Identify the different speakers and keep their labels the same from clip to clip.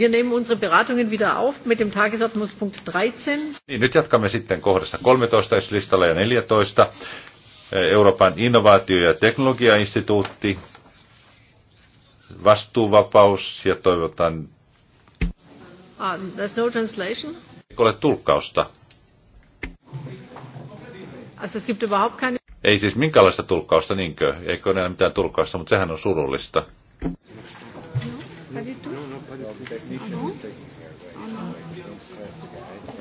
Speaker 1: Wir nehmen unsere Beratungen wieder auf mit dem Tagesordnungspunkt 13.
Speaker 2: Niin, nyt jatkamme sitten kohdassa 13 listalla ja 14. Euroopan innovaatio- ja teknologiainstituutti, vastuuvapaus ja toivotan...
Speaker 1: Uh, there's no translation?
Speaker 2: Ei ole tulkkausta.
Speaker 1: Also es gibt überhaupt keine...
Speaker 2: Ei siis minkäänlaista tulkkausta, niinkö? Eikö ole mitään tulkkausta, mutta sehän on surullista.
Speaker 3: Pas du tout Ah bon ah, non.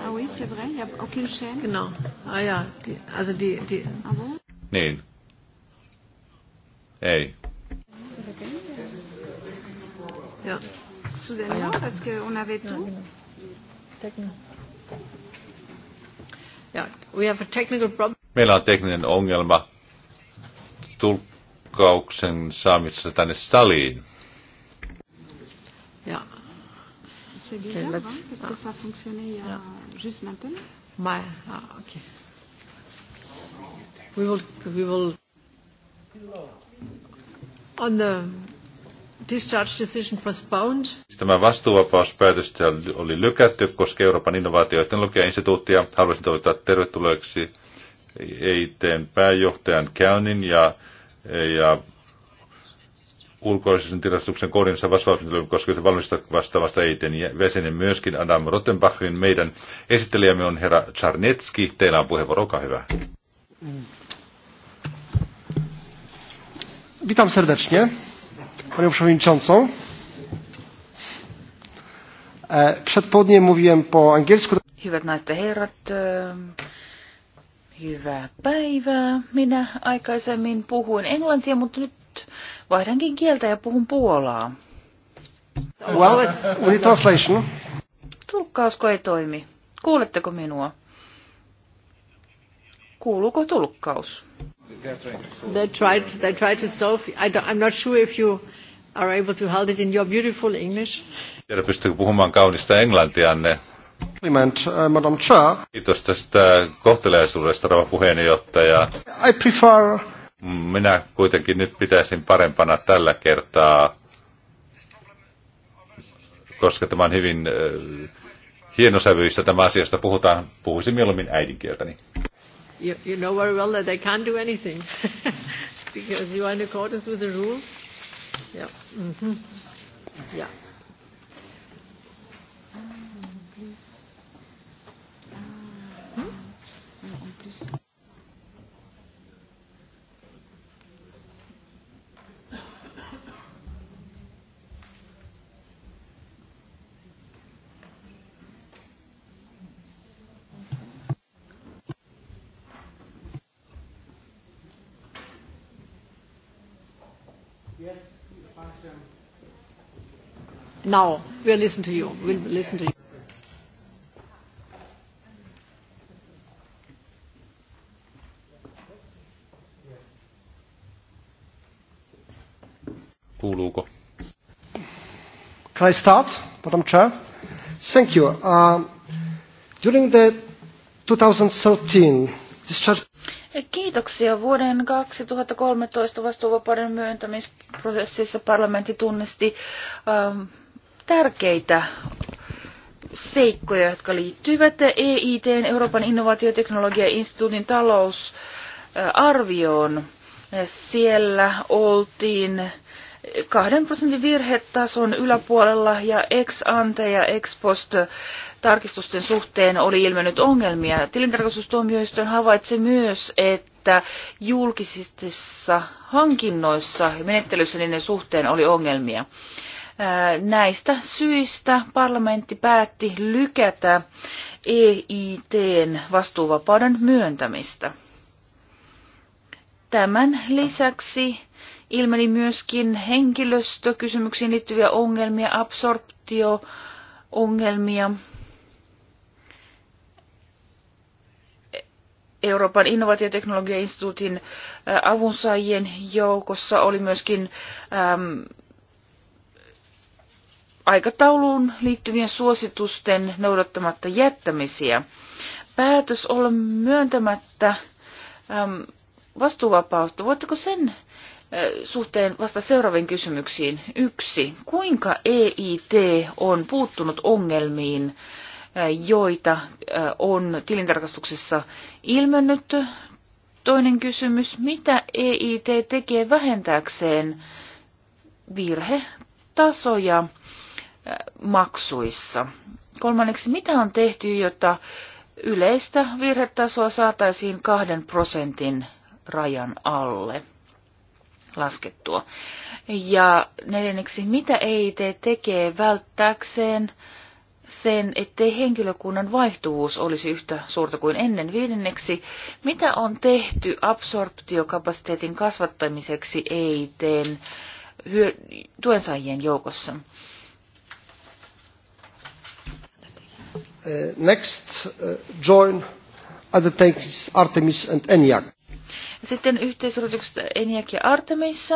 Speaker 3: ah oui, c'est
Speaker 1: vrai, il n'y a aucune chaîne Non. Ah ja, die, also ah, die, die... Ah bon
Speaker 2: Nein. Hey.
Speaker 1: Ja. Soudainement, ah, ja. parce qu'on avait tout. Yeah, we have a technical problem.
Speaker 2: Meillä on tekninen ongelma tulkkauksen saamisessa tänne saliin.
Speaker 4: C'est bizarre, hein, parce ah. que ça fonctionnait il y a yeah. juste maintenant.
Speaker 1: My, ah, ok. We will, we will on the discharge decision postponed.
Speaker 2: Tämä vastuuvapauspäätös oli lykätty, koska Euroopan innovaatioiden instituuttia haluaisin toivottaa tervetulleeksi eit pääjohtajan Käynin ja, ja ulkoisen tilastuksen kohdinsa koska se valmista vastaavasta eiten jäsenen myöskin Adam Rottenbachin. Meidän esittelijämme on herra Czarnetski. Teillä on puheenvuoro, olkaa hyvä.
Speaker 3: Witam serdecznie Panią Przewodniczącą. E, przed południem mówiłem po angielsku.
Speaker 4: Hyvät naiset ja herrat, e, hyvää päivää. Minä aikaisemmin puhuin englantia, mutta nyt Vaihdankin kieltä ja puhun puolaa.
Speaker 3: Well, translation.
Speaker 4: Tulkkausko ei toimi? Kuuletteko minua? Kuuluuko tulkkaus?
Speaker 1: They tried, they tried to solve. I don't, I'm not sure if you are able to hold it in your beautiful English.
Speaker 2: Tiedä, pystyykö puhumaan kaunista englantianne.
Speaker 3: Compliment, uh, Madam Chair.
Speaker 2: Kiitos tästä kohteleisuudesta, rouva puheenjohtaja.
Speaker 3: I prefer
Speaker 2: minä kuitenkin nyt pitäisin parempana tällä kertaa, koska tämä on hyvin äh, hienosävyistä tämä asiasta puhutaan. Puhuisin mieluummin äidinkieltäni.
Speaker 1: You, you know very well that they can't do anything because you are in accordance with the rules. Yeah. Mm-hmm. Yeah.
Speaker 3: Hmm?
Speaker 1: now. We'll to you. listen to you.
Speaker 2: Kuuluuko?
Speaker 3: Can I start, Madam Chair? Thank you. Uh, during the 2013
Speaker 4: Kiitoksia. Vuoden 2013 vastuuvapauden myöntämisprosessissa parlamentti tunnisti ähm, tärkeitä seikkoja, jotka liittyvät EIT, Euroopan innovaatioteknologiainstituutin talousarvioon. Siellä oltiin 2 prosentin virhetason yläpuolella ja ex ante ja ex post tarkistusten suhteen oli ilmennyt ongelmia. Tilintarkastustuomioistuin havaitsi myös, että julkisissa hankinnoissa ja menettelyssä niiden suhteen oli ongelmia. Näistä syistä parlamentti päätti lykätä EITn vastuuvapauden myöntämistä. Tämän lisäksi ilmeni myöskin henkilöstökysymyksiin liittyviä ongelmia, absorptio-ongelmia. Euroopan innovaatioteknologiainstituutin avunsaajien joukossa oli myöskin aikatauluun liittyvien suositusten noudattamatta jättämisiä. Päätös olla myöntämättä äm, vastuuvapautta, voitteko sen äh, suhteen vasta seuraaviin kysymyksiin. Yksi, kuinka EIT on puuttunut ongelmiin, äh, joita äh, on tilintarkastuksessa ilmennyt? Toinen kysymys, mitä EIT tekee vähentääkseen virhetasoja maksuissa. Kolmanneksi, mitä on tehty, jotta yleistä virhetasoa saataisiin kahden prosentin rajan alle laskettua? Ja neljänneksi, mitä EIT tekee välttääkseen sen, ettei henkilökunnan vaihtuvuus olisi yhtä suurta kuin ennen. Viidenneksi, mitä on tehty absorptiokapasiteetin kasvattamiseksi EITn tuensaajien joukossa? Uh, next
Speaker 3: uh, join tanks, Artemis and ENIAC.
Speaker 4: Sitten yhteisyritykset ENIAC ja Artemis.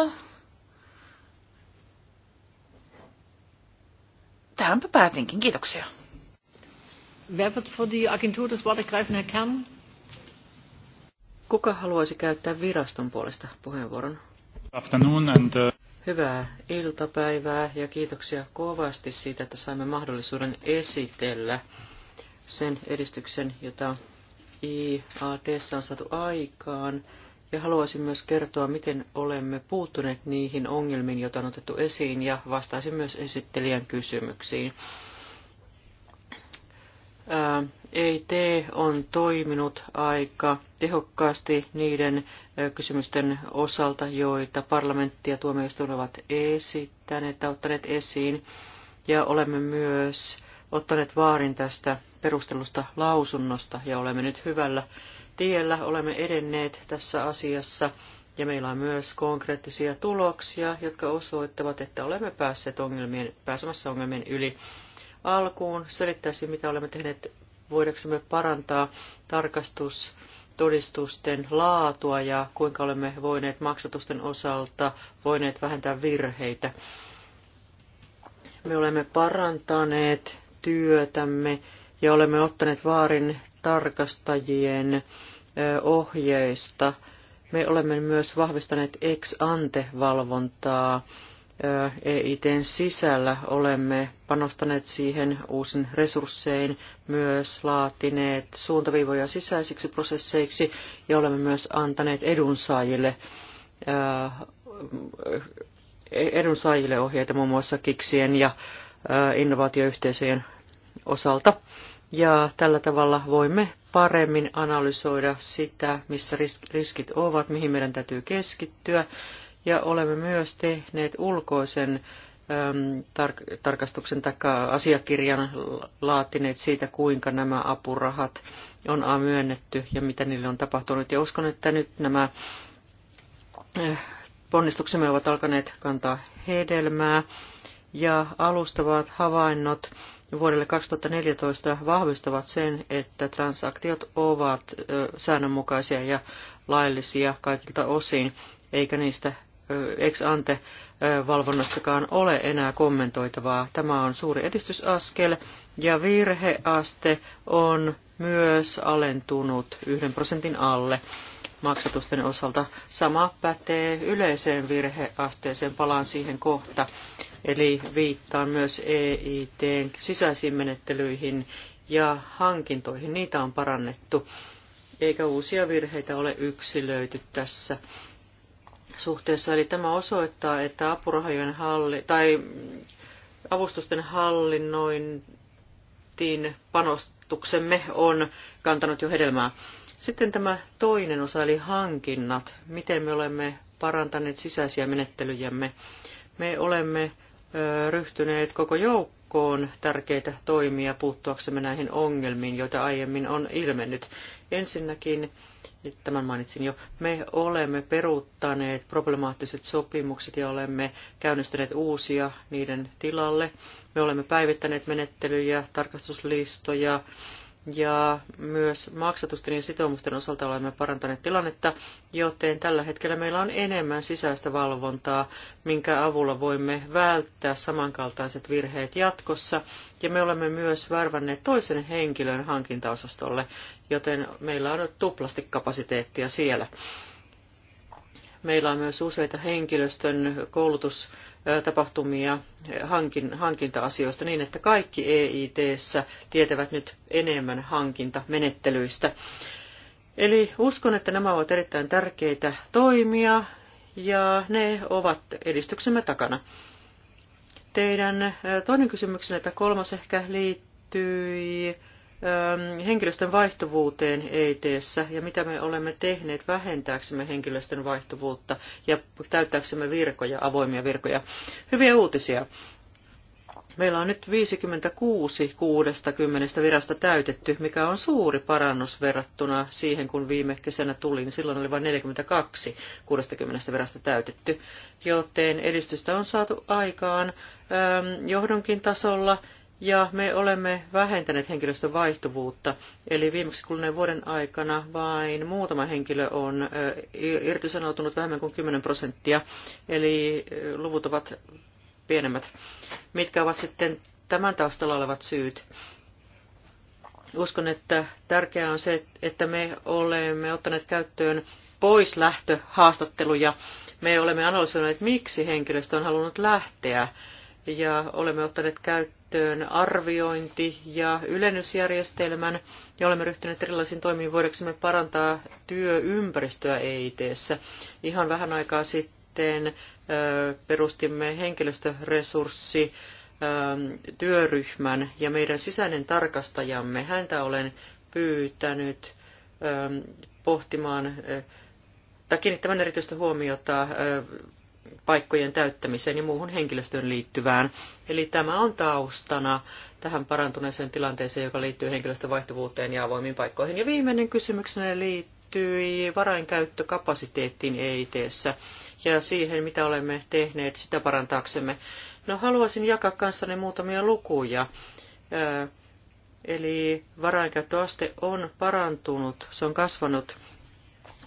Speaker 4: Tähänpä päätinkin. Kiitoksia. Wer wird für
Speaker 1: die
Speaker 5: Agentur das Wort ergreifen, Herr Kern? Kuka haluaisi käyttää viraston puolesta puheenvuoron?
Speaker 4: Afternoon and, uh...
Speaker 5: Hyvää iltapäivää ja kiitoksia kovasti siitä, että saimme mahdollisuuden esitellä sen edistyksen, jota IAT on saatu aikaan. Ja haluaisin myös kertoa, miten olemme puuttuneet niihin ongelmiin, joita on otettu esiin, ja vastaisin myös esittelijän kysymyksiin. EIT on toiminut aika tehokkaasti niiden kysymysten osalta, joita parlamentti ja tuomioistuin ovat esittäneet, ottaneet esiin. Ja olemme myös ottaneet vaarin tästä perustelusta lausunnosta ja olemme nyt hyvällä tiellä, olemme edenneet tässä asiassa ja meillä on myös konkreettisia tuloksia, jotka osoittavat, että olemme päässeet ongelmien, pääsemässä ongelmien yli. Alkuun selittäisin, mitä olemme tehneet voidaksemme parantaa tarkastus todistusten laatua ja kuinka olemme voineet maksatusten osalta voineet vähentää virheitä. Me olemme parantaneet työtämme ja olemme ottaneet vaarin tarkastajien ohjeista. Me olemme myös vahvistaneet ex ante valvontaa EITn sisällä. Olemme panostaneet siihen uusin resurssein, myös laatineet suuntaviivoja sisäisiksi prosesseiksi ja olemme myös antaneet edunsaajille e-, edunsaajille ohjeita muun muassa kiksien ja innovaatioyhteisöjen osalta. Ja tällä tavalla voimme paremmin analysoida sitä, missä riskit ovat, mihin meidän täytyy keskittyä. Ja olemme myös tehneet ulkoisen tarkastuksen tai asiakirjan laatineet siitä, kuinka nämä apurahat on myönnetty ja mitä niille on tapahtunut. Ja uskon, että nyt nämä äh, ponnistuksemme ovat alkaneet kantaa hedelmää ja alustavat havainnot vuodelle 2014 vahvistavat sen, että transaktiot ovat säännönmukaisia ja laillisia kaikilta osin, eikä niistä ex ante valvonnassakaan ole enää kommentoitavaa. Tämä on suuri edistysaskel ja virheaste on myös alentunut yhden prosentin alle maksatusten osalta. Sama pätee yleiseen virheasteeseen, palaan siihen kohta eli viittaan myös EITn sisäisiin menettelyihin ja hankintoihin. Niitä on parannettu, eikä uusia virheitä ole yksilöity tässä suhteessa. Eli tämä osoittaa, että apurahojen halli, tai avustusten hallinnointiin panostuksemme on kantanut jo hedelmää. Sitten tämä toinen osa, eli hankinnat. Miten me olemme parantaneet sisäisiä menettelyjämme? Me olemme ryhtyneet koko joukkoon tärkeitä toimia puuttuaksemme näihin ongelmiin, joita aiemmin on ilmennyt. Ensinnäkin, tämän mainitsin jo, me olemme peruuttaneet problemaattiset sopimukset ja olemme käynnistäneet uusia niiden tilalle. Me olemme päivittäneet menettelyjä, tarkastuslistoja, ja myös maksatusten ja sitoumusten osalta olemme parantaneet tilannetta, joten tällä hetkellä meillä on enemmän sisäistä valvontaa, minkä avulla voimme välttää samankaltaiset virheet jatkossa. Ja me olemme myös värvänneet toisen henkilön hankintaosastolle, joten meillä on nyt tuplasti kapasiteettia siellä. Meillä on myös useita henkilöstön koulutustapahtumia hankinta-asioista niin, että kaikki EIT-ssä tietävät nyt enemmän hankintamenettelyistä. Eli uskon, että nämä ovat erittäin tärkeitä toimia ja ne ovat edistyksemme takana. Teidän eh, toinen kysymyksenne, että kolmas ehkä liittyi Ähm, henkilöstön vaihtuvuuteen EITssä ja mitä me olemme tehneet vähentääksemme henkilöstön vaihtuvuutta ja täyttääksemme virkoja, avoimia virkoja. Hyviä uutisia. Meillä on nyt 56 60 virasta täytetty, mikä on suuri parannus verrattuna siihen, kun viime kesänä tulin. Niin silloin oli vain 42 60 virasta täytetty, joten edistystä on saatu aikaan ähm, johdonkin tasolla ja me olemme vähentäneet henkilöstön vaihtuvuutta. Eli viimeksi kuluneen vuoden aikana vain muutama henkilö on irtisanoutunut vähemmän kuin 10 prosenttia, eli luvut ovat pienemmät. Mitkä ovat sitten tämän taustalla olevat syyt? Uskon, että tärkeää on se, että me olemme ottaneet käyttöön pois lähtöhaastatteluja. Me olemme analysoineet, miksi henkilöstö on halunnut lähteä ja olemme ottaneet käyttöön käyttöön arviointi- ja ylennysjärjestelmän ja olemme ryhtyneet erilaisiin toimiin voidaksemme parantaa työympäristöä EITssä. Ihan vähän aikaa sitten perustimme henkilöstöresurssi työryhmän ja meidän sisäinen tarkastajamme, häntä olen pyytänyt pohtimaan tai kiinnittämään erityistä huomiota paikkojen täyttämiseen ja muuhun henkilöstöön liittyvään. Eli tämä on taustana tähän parantuneeseen tilanteeseen, joka liittyy henkilöstövaihtuvuuteen ja avoimiin paikkoihin. Ja viimeinen kysymyksenä liittyy varainkäyttökapasiteettiin eit ja siihen, mitä olemme tehneet sitä parantaaksemme. No haluaisin jakaa kanssanne muutamia lukuja. Eli varainkäyttöaste on parantunut, se on kasvanut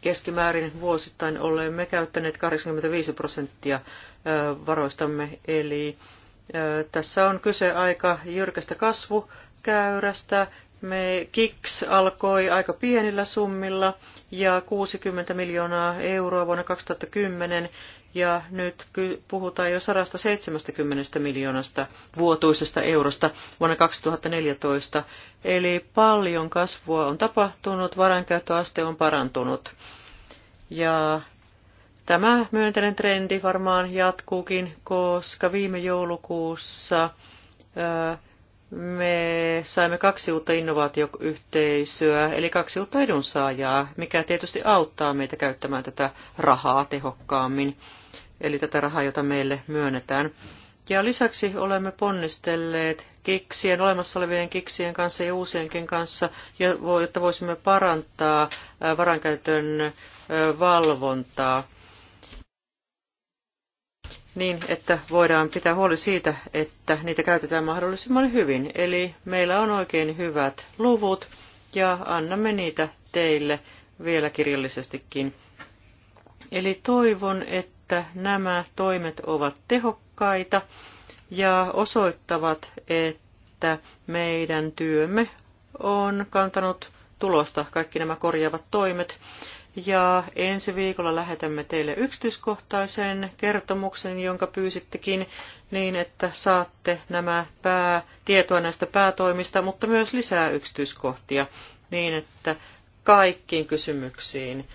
Speaker 5: Keskimäärin vuosittain olemme käyttäneet 85 prosenttia varoistamme, eli tässä on kyse aika jyrkästä kasvukäyrästä. Me KIKS alkoi aika pienillä summilla ja 60 miljoonaa euroa vuonna 2010 ja nyt puhutaan jo 170 miljoonasta vuotuisesta eurosta vuonna 2014, eli paljon kasvua on tapahtunut, varainkäyttöaste on parantunut. Ja tämä myönteinen trendi varmaan jatkuukin, koska viime joulukuussa me saimme kaksi uutta innovaatioyhteisöä, eli kaksi uutta edunsaajaa, mikä tietysti auttaa meitä käyttämään tätä rahaa tehokkaammin eli tätä rahaa, jota meille myönnetään. Ja lisäksi olemme ponnistelleet kiksien, olemassa olevien kiksien kanssa ja uusienkin kanssa, jotta voisimme parantaa äh, varankäytön äh, valvontaa niin, että voidaan pitää huoli siitä, että niitä käytetään mahdollisimman hyvin. Eli meillä on oikein hyvät luvut ja annamme niitä teille vielä kirjallisestikin. Eli toivon, että että nämä toimet ovat tehokkaita ja osoittavat, että meidän työmme on kantanut tulosta kaikki nämä korjaavat toimet. Ja ensi viikolla lähetämme teille yksityiskohtaisen kertomuksen, jonka pyysittekin, niin että saatte nämä pää, tietoa näistä päätoimista, mutta myös lisää yksityiskohtia, niin että kaikkiin kysymyksiin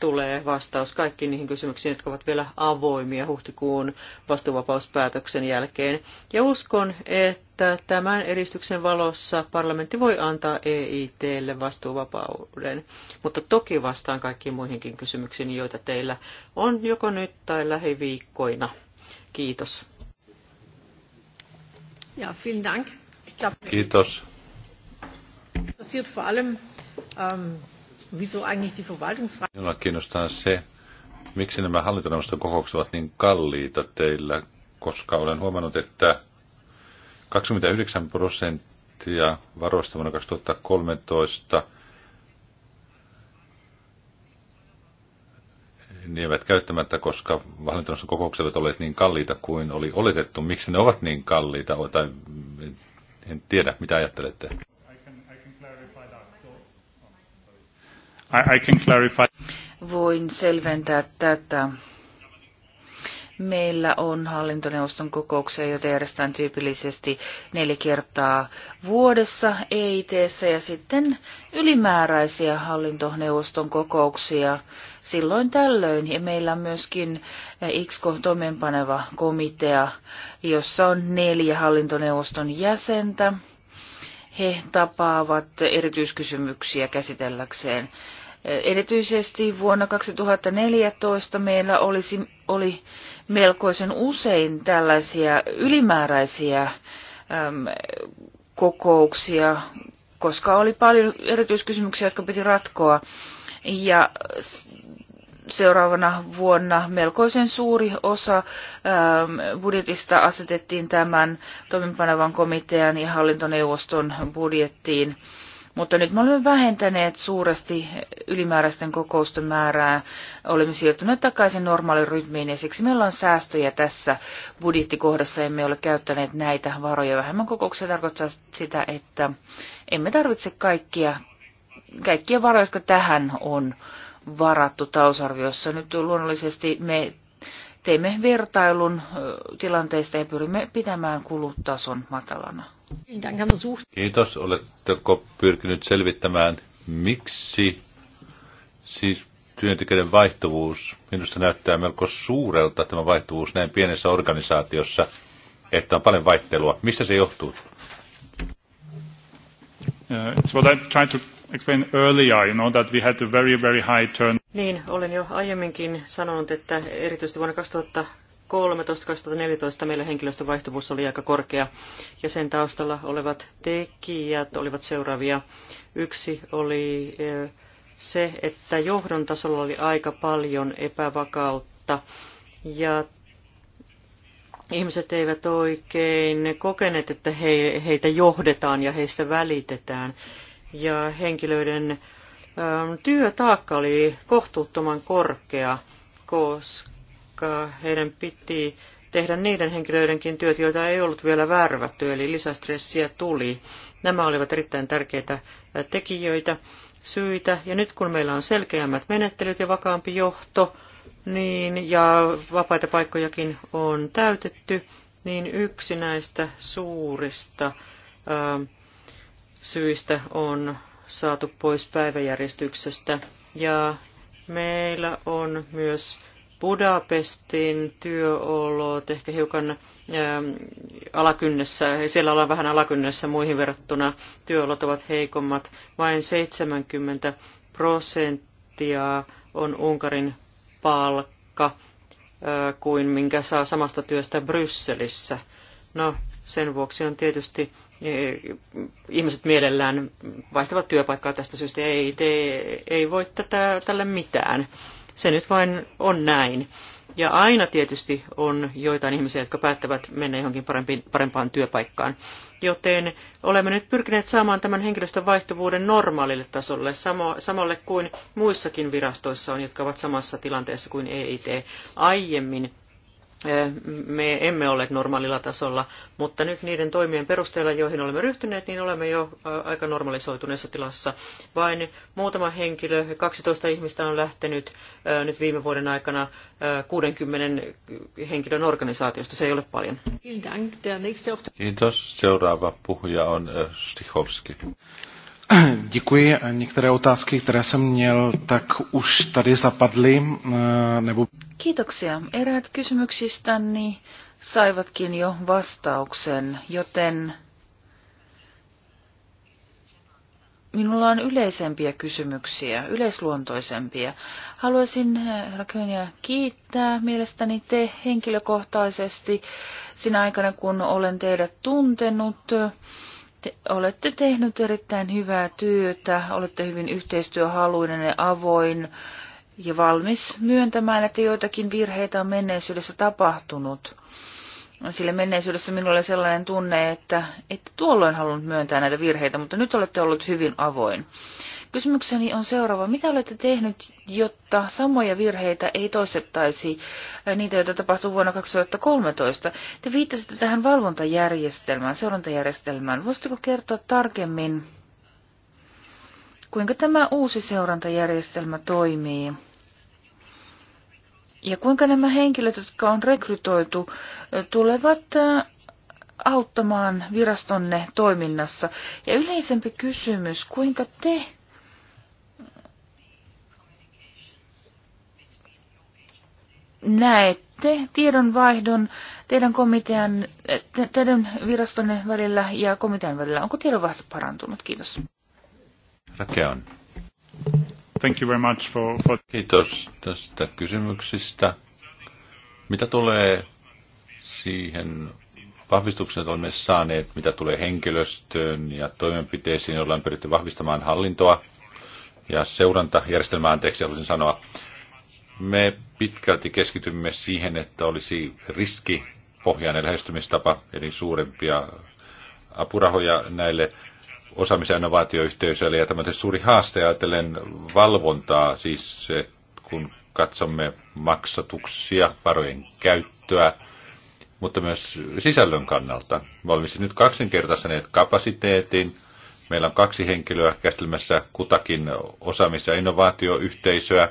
Speaker 5: tulee vastaus kaikkiin niihin kysymyksiin, jotka ovat vielä avoimia huhtikuun vastuuvapauspäätöksen jälkeen. Ja uskon, että tämän edistyksen valossa parlamentti voi antaa EITlle vastuuvapauden, mutta toki vastaan kaikkiin muihinkin kysymyksiin, joita teillä on joko nyt tai lähiviikkoina. Kiitos.
Speaker 1: Ja, vielen Dank. Kiitos. Interessiert vor allem ähm, wieso eigentlich die
Speaker 2: Minua kiinnostaa se, miksi nämä hallintoneuvoston kokoukset ovat niin kalliita teillä, koska olen huomannut, että 29 prosenttia varoista vuonna 2013 ne eivät käyttämättä, koska hallintoneuvoston kokoukset ovat olleet niin kalliita kuin oli oletettu. Miksi ne ovat niin kalliita, tai en tiedä, mitä ajattelette? I, I can clarify.
Speaker 4: Voin selventää tätä. Meillä on hallintoneuvoston kokouksia, joita järjestetään tyypillisesti neljä kertaa vuodessa eit ja sitten ylimääräisiä hallintoneuvoston kokouksia silloin tällöin. Ja meillä on myöskin xk toimeenpaneva komitea, jossa on neljä hallintoneuvoston jäsentä. He tapaavat erityiskysymyksiä käsitelläkseen Erityisesti vuonna 2014 meillä olisi, oli melkoisen usein tällaisia ylimääräisiä äm, kokouksia, koska oli paljon erityiskysymyksiä, jotka piti ratkoa. Ja seuraavana vuonna melkoisen suuri osa budjetista asetettiin tämän toimenpanevan komitean ja hallintoneuvoston budjettiin. Mutta nyt me olemme vähentäneet suuresti ylimääräisten kokousten määrää. Olemme siirtyneet takaisin normaaliin rytmiin ja siksi meillä on säästöjä tässä budjettikohdassa. Emme ole käyttäneet näitä varoja. Vähemmän kokouksia tarkoittaa sitä, että emme tarvitse kaikkia, kaikkia varoja, jotka tähän on varattu talousarviossa. Nyt luonnollisesti me teemme vertailun tilanteista ja pyrimme pitämään kulutason matalana.
Speaker 2: Kiitos. Oletteko pyrkinyt selvittämään, miksi siis työntekijöiden vaihtuvuus minusta näyttää melko suurelta tämä vaihtuvuus näin pienessä organisaatiossa, että on paljon vaihtelua. Mistä se johtuu? Uh, it's what to explain earlier, you know, that we had a very, very high turn.
Speaker 5: Niin, olen jo aiemminkin sanonut, että erityisesti vuonna 2000 2013-2014 meillä henkilöstövaihtuvuus oli aika korkea ja sen taustalla olevat tekijät olivat seuraavia. Yksi oli se, että johdon tasolla oli aika paljon epävakautta ja ihmiset eivät oikein kokeneet, että he, heitä johdetaan ja heistä välitetään. Ja henkilöiden työtaakka oli kohtuuttoman korkea, koska koska heidän piti tehdä niiden henkilöidenkin työt, joita ei ollut vielä värvätty, eli lisästressiä tuli. Nämä olivat erittäin tärkeitä tekijöitä, syitä, ja nyt kun meillä on selkeämmät menettelyt ja vakaampi johto, niin, ja vapaita paikkojakin on täytetty, niin yksi näistä suurista ää, syistä on saatu pois päiväjärjestyksestä. Ja meillä on myös Budapestin työolot ehkä hiukan ähm, alakynnessä, siellä ollaan vähän alakynnessä muihin verrattuna, työolot ovat heikommat, vain 70 prosenttia on Unkarin palkka äh, kuin minkä saa samasta työstä Brysselissä. No, sen vuoksi on tietysti äh, ihmiset mielellään vaihtavat työpaikkaa tästä syystä, ei, te, ei voi tätä, tälle mitään. Se nyt vain on näin. Ja aina tietysti on joitain ihmisiä, jotka päättävät mennä johonkin parempaan työpaikkaan. Joten olemme nyt pyrkineet saamaan tämän henkilöstön vaihtuvuuden normaalille tasolle, samo, samalle kuin muissakin virastoissa on, jotka ovat samassa tilanteessa kuin EIT. Aiemmin Äh, me emme ole normaalilla tasolla, mutta nyt niiden toimien perusteella, joihin olemme ryhtyneet, niin olemme jo äh, aika normalisoituneessa tilassa. Vain muutama henkilö, 12 ihmistä on lähtenyt äh, nyt viime vuoden aikana 60 henkilön organisaatiosta. Se ei ole paljon.
Speaker 2: Kiitos. Seuraava puhuja on Stichowski. Děkuji.
Speaker 3: Některé otázky, které jsem měl, tak už tady zapadly. Eh, nebo...
Speaker 4: Kiitoksia. Eräät kysymyksistäni niin saivatkin jo vastauksen, joten minulla on yleisempiä kysymyksiä, yleisluontoisempia. Haluaisin eh, Rakönia kiittää mielestäni te henkilökohtaisesti sinä aikana, kun olen teidät tuntenut. Te olette tehnyt erittäin hyvää työtä, olette hyvin yhteistyöhaluinen ja avoin ja valmis myöntämään, että joitakin virheitä on menneisyydessä tapahtunut. Sillä menneisyydessä minulla oli sellainen tunne, että, että tuolloin halunnut myöntää näitä virheitä, mutta nyt olette ollut hyvin avoin. Kysymykseni on seuraava. Mitä olette tehnyt, jotta samoja virheitä ei toistettaisi niitä, joita tapahtui vuonna 2013? Te viittasitte tähän valvontajärjestelmään, seurantajärjestelmään. Voisitteko kertoa tarkemmin, kuinka tämä uusi seurantajärjestelmä toimii? Ja kuinka nämä henkilöt, jotka on rekrytoitu, tulevat auttamaan virastonne toiminnassa? Ja yleisempi kysymys, kuinka te näette tiedonvaihdon teidän komitean, te, teidän virastonne välillä ja komitean välillä? Onko tiedonvaihto parantunut? Kiitos.
Speaker 2: Rakeon. Thank you very much for, for... Kiitos tästä kysymyksistä. Mitä tulee siihen vahvistuksen, että olemme saaneet, mitä tulee henkilöstöön ja toimenpiteisiin, joilla on pyritty vahvistamaan hallintoa ja seurantajärjestelmää, anteeksi haluaisin sanoa, me pitkälti keskitymme siihen, että olisi riskipohjainen lähestymistapa, eli suurempia apurahoja näille osaamisen innovaatioyhteisöille. Ja tämä on suuri haaste ajatellen valvontaa, siis kun katsomme maksatuksia, varojen käyttöä, mutta myös sisällön kannalta. Me olemme siis nyt kaksinkertaistaneet kapasiteetin. Meillä on kaksi henkilöä käsittelemässä kutakin osaamis- ja innovaatioyhteisöä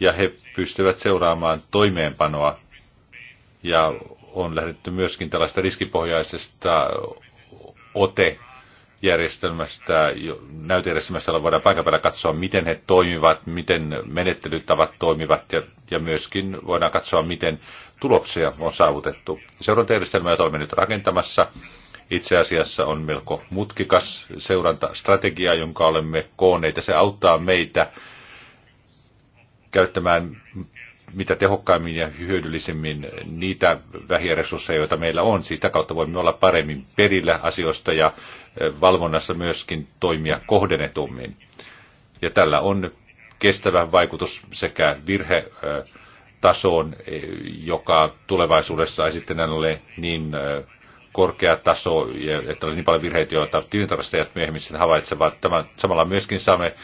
Speaker 2: ja he pystyvät seuraamaan toimeenpanoa. Ja on lähdetty myöskin tällaista riskipohjaisesta OTE-järjestelmästä, näytejärjestelmästä, jolla voidaan paikan päällä katsoa, miten he toimivat, miten menettelytavat toimivat ja, ja myöskin voidaan katsoa, miten tuloksia on saavutettu. Seurantajärjestelmä, jota olemme nyt rakentamassa, itse asiassa on melko mutkikas seurantastrategia, jonka olemme kooneet, ja se auttaa meitä käyttämään mitä tehokkaimmin ja hyödyllisemmin niitä vähiä resursseja, joita meillä on. Siis sitä kautta voimme olla paremmin perillä asioista ja valvonnassa myöskin toimia kohdennetummin. Ja tällä on kestävä vaikutus sekä virhetasoon, e, joka tulevaisuudessa ei sitten ole niin korkea taso, ja että on niin paljon virheitä, joita tilintarkastajat myöhemmin sen havaitsevat. Tämän, samalla myöskin saamme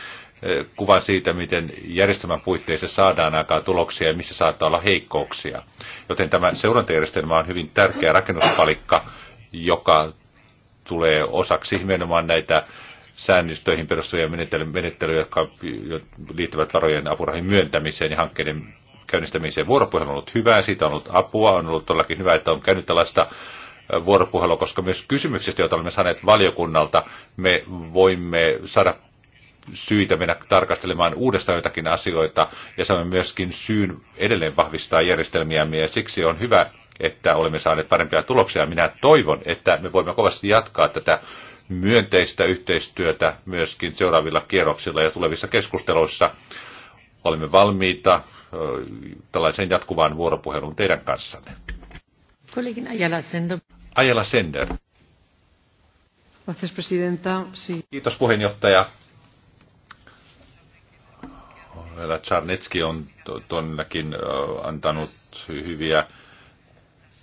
Speaker 2: Eh, kuva siitä, miten järjestelmän puitteissa saadaan aikaa tuloksia ja missä saattaa olla heikkouksia. Joten tämä seurantajärjestelmä on hyvin tärkeä rakennuspalikka, joka tulee osaksi nimenomaan näitä säännöstöihin perustuvia menettelyjä, jotka liittyvät varojen apurahin myöntämiseen ja hankkeiden käynnistämiseen. Vuoropuhelu on ollut hyvää, siitä on ollut apua, on ollut todellakin hyvä, että on käynyt tällaista eh, vuoropuhelua, koska myös kysymyksistä, joita olemme saaneet valiokunnalta, me voimme saada syitä mennä tarkastelemaan uudestaan jotakin asioita ja saamme myöskin syyn edelleen vahvistaa järjestelmiämme ja siksi on hyvä, että olemme saaneet parempia tuloksia. Minä toivon, että me voimme kovasti jatkaa tätä myönteistä yhteistyötä myöskin seuraavilla kierroksilla ja tulevissa keskusteluissa. Olemme valmiita tällaiseen jatkuvaan vuoropuheluun teidän kanssanne.
Speaker 1: Kollegin Ajala Sender.
Speaker 2: Ajala Sender. Kiitos puheenjohtaja. Charnetski on tonnakin antanut hyviä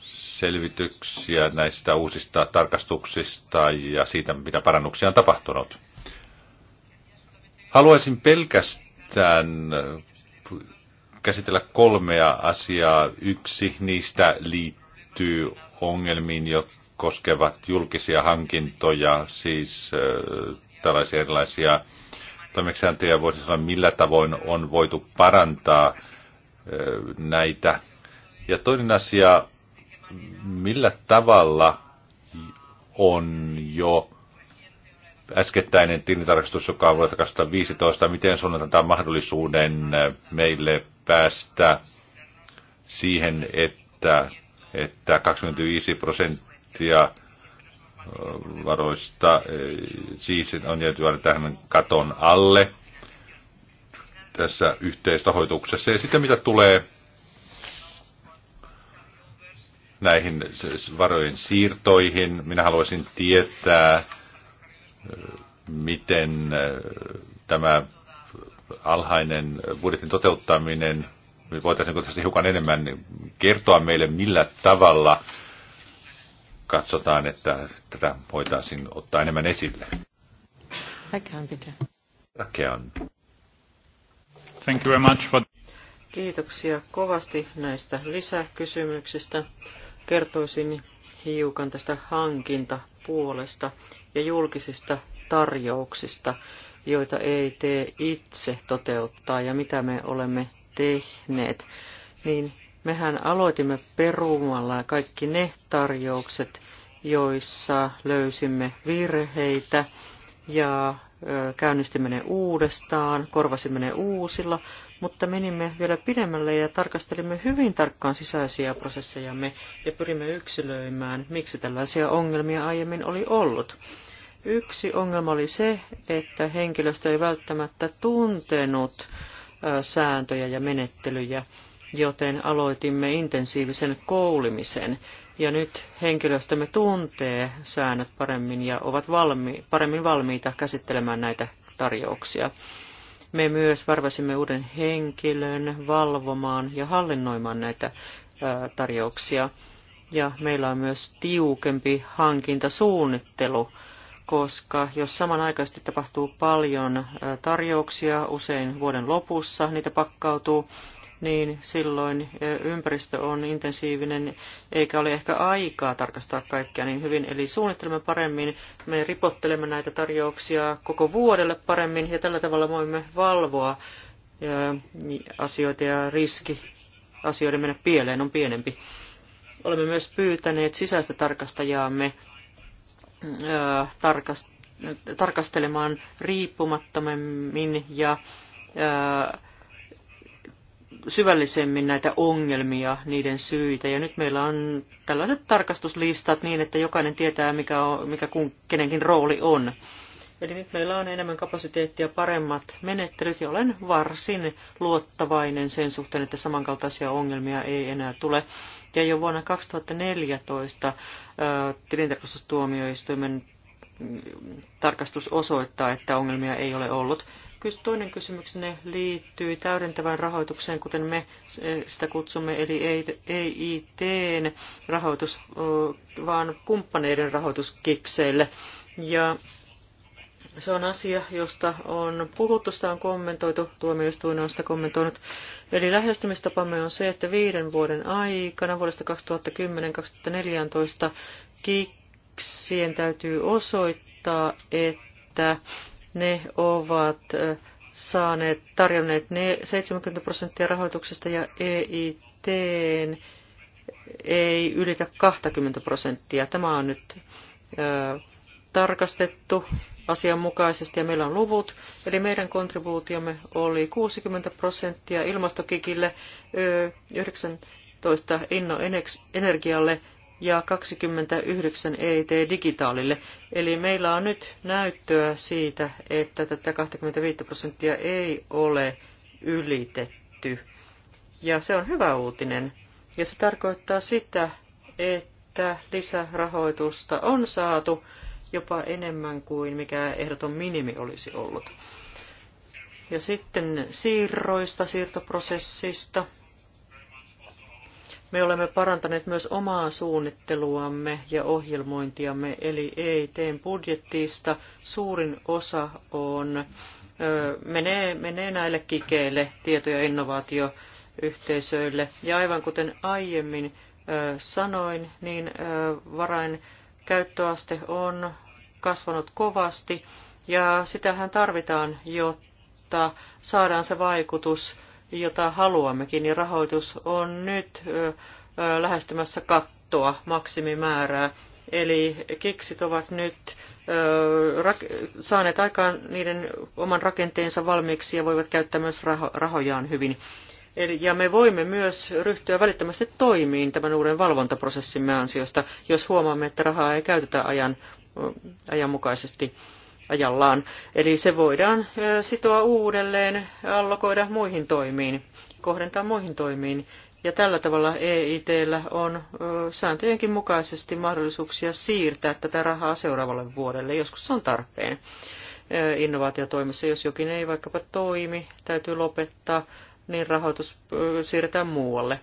Speaker 2: selvityksiä näistä uusista tarkastuksista ja siitä, mitä parannuksia on tapahtunut. Haluaisin pelkästään käsitellä kolmea asiaa. Yksi niistä liittyy ongelmiin, jotka koskevat julkisia hankintoja, siis tällaisia erilaisia toimeksiantoja voisi sanoa, millä tavoin on voitu parantaa näitä. Ja toinen asia, millä tavalla on jo äskettäinen tilintarkastus, joka on vuodelta 2015, miten suunnataan mahdollisuuden meille päästä siihen, että, että 25 prosenttia varoista, siis on jääty aina tähän katon alle tässä yhteistahoituksessa. Ja sitten mitä tulee näihin varojen siirtoihin, minä haluaisin tietää, miten tämä alhainen budjetin toteuttaminen, voitaisiin tässä hiukan enemmän kertoa meille, millä tavalla katsotaan, että tätä voitaisiin ottaa enemmän esille. Thank you very much for...
Speaker 5: Kiitoksia kovasti näistä lisäkysymyksistä. Kertoisin hiukan tästä hankintapuolesta ja julkisista tarjouksista, joita ei tee itse toteuttaa ja mitä me olemme tehneet. Niin Mehän aloitimme perumalla kaikki ne tarjoukset, joissa löysimme virheitä ja käynnistimme ne uudestaan, korvasimme ne uusilla, mutta menimme vielä pidemmälle ja tarkastelimme hyvin tarkkaan sisäisiä prosessejamme ja pyrimme yksilöimään, miksi tällaisia ongelmia aiemmin oli ollut. Yksi ongelma oli se, että henkilöstö ei välttämättä tuntenut sääntöjä ja menettelyjä joten aloitimme intensiivisen koulimisen. Ja nyt henkilöstömme tuntee säännöt paremmin ja ovat valmi, paremmin valmiita käsittelemään näitä tarjouksia. Me myös varvasimme uuden henkilön valvomaan ja hallinnoimaan näitä tarjouksia. Ja meillä on myös tiukempi hankintasuunnittelu, koska jos samanaikaisesti tapahtuu paljon tarjouksia, usein vuoden lopussa niitä pakkautuu, niin silloin ympäristö on intensiivinen, eikä ole ehkä aikaa tarkastaa kaikkea niin hyvin. Eli suunnittelemme paremmin, me ripottelemme näitä tarjouksia koko vuodelle paremmin, ja tällä tavalla voimme valvoa asioita ja riski asioiden mennä pieleen on pienempi. Olemme myös pyytäneet sisäistä tarkastajaamme tarkastelemaan riippumattomemmin ja syvällisemmin näitä ongelmia, niiden syitä. Ja nyt meillä on tällaiset tarkastuslistat niin, että jokainen tietää, mikä, on, mikä kun, kenenkin rooli on. Eli nyt meillä on enemmän kapasiteettia, paremmat menettelyt ja olen varsin luottavainen sen suhteen, että samankaltaisia ongelmia ei enää tule. Ja jo vuonna 2014 tilintarkastustuomioistuimen tarkastus osoittaa, että ongelmia ei ole ollut. Toinen kysymyksenne liittyy täydentävään rahoitukseen, kuten me eh, sitä kutsumme, eli EIT:n rahoitus, vaan kumppaneiden rahoituskikseille. Ja se on asia, josta on puhuttu, sitä on kommentoitu, tuomioistuin on sitä kommentoinut. Eli lähestymistapamme on se, että viiden vuoden aikana, vuodesta 2010-2014, kiksien täytyy osoittaa, että ne ovat saaneet, tarjonneet ne 70 prosenttia rahoituksesta ja EIT ei ylitä 20 prosenttia. Tämä on nyt ö, tarkastettu asianmukaisesti ja meillä on luvut. Eli meidän kontribuutiomme oli 60 prosenttia ilmastokikille, ö, 19 innoenergialle ja 29 EIT digitaalille. Eli meillä on nyt näyttöä siitä, että tätä 25 prosenttia ei ole ylitetty. Ja se on hyvä uutinen. Ja se tarkoittaa sitä, että lisärahoitusta on saatu jopa enemmän kuin mikä ehdoton minimi olisi ollut. Ja sitten siirroista, siirtoprosessista – me olemme parantaneet myös omaa suunnitteluamme ja ohjelmointiamme, eli EITn budjettista suurin osa on, ö, menee, menee näille kikeille tieto- ja innovaatioyhteisöille. Ja aivan kuten aiemmin ö, sanoin, niin ö, varain käyttöaste on kasvanut kovasti, ja sitähän tarvitaan, jotta saadaan se vaikutus, jota haluammekin, niin rahoitus on nyt lähestymässä kattoa maksimimäärää. Eli kiksit ovat nyt saaneet aikaan niiden oman rakenteensa valmiiksi ja voivat käyttää myös rahojaan hyvin. ja me voimme myös ryhtyä välittömästi toimiin tämän uuden valvontaprosessimme ansiosta, jos huomaamme, että rahaa ei käytetä ajan, ajanmukaisesti ajallaan. Eli se voidaan sitoa uudelleen, allokoida muihin toimiin, kohdentaa muihin toimiin. Ja tällä tavalla EITllä on sääntöjenkin mukaisesti mahdollisuuksia siirtää tätä rahaa seuraavalle vuodelle. Joskus se on tarpeen innovaatiotoimissa. Jos jokin ei vaikkapa toimi, täytyy lopettaa, niin rahoitus siirretään muualle,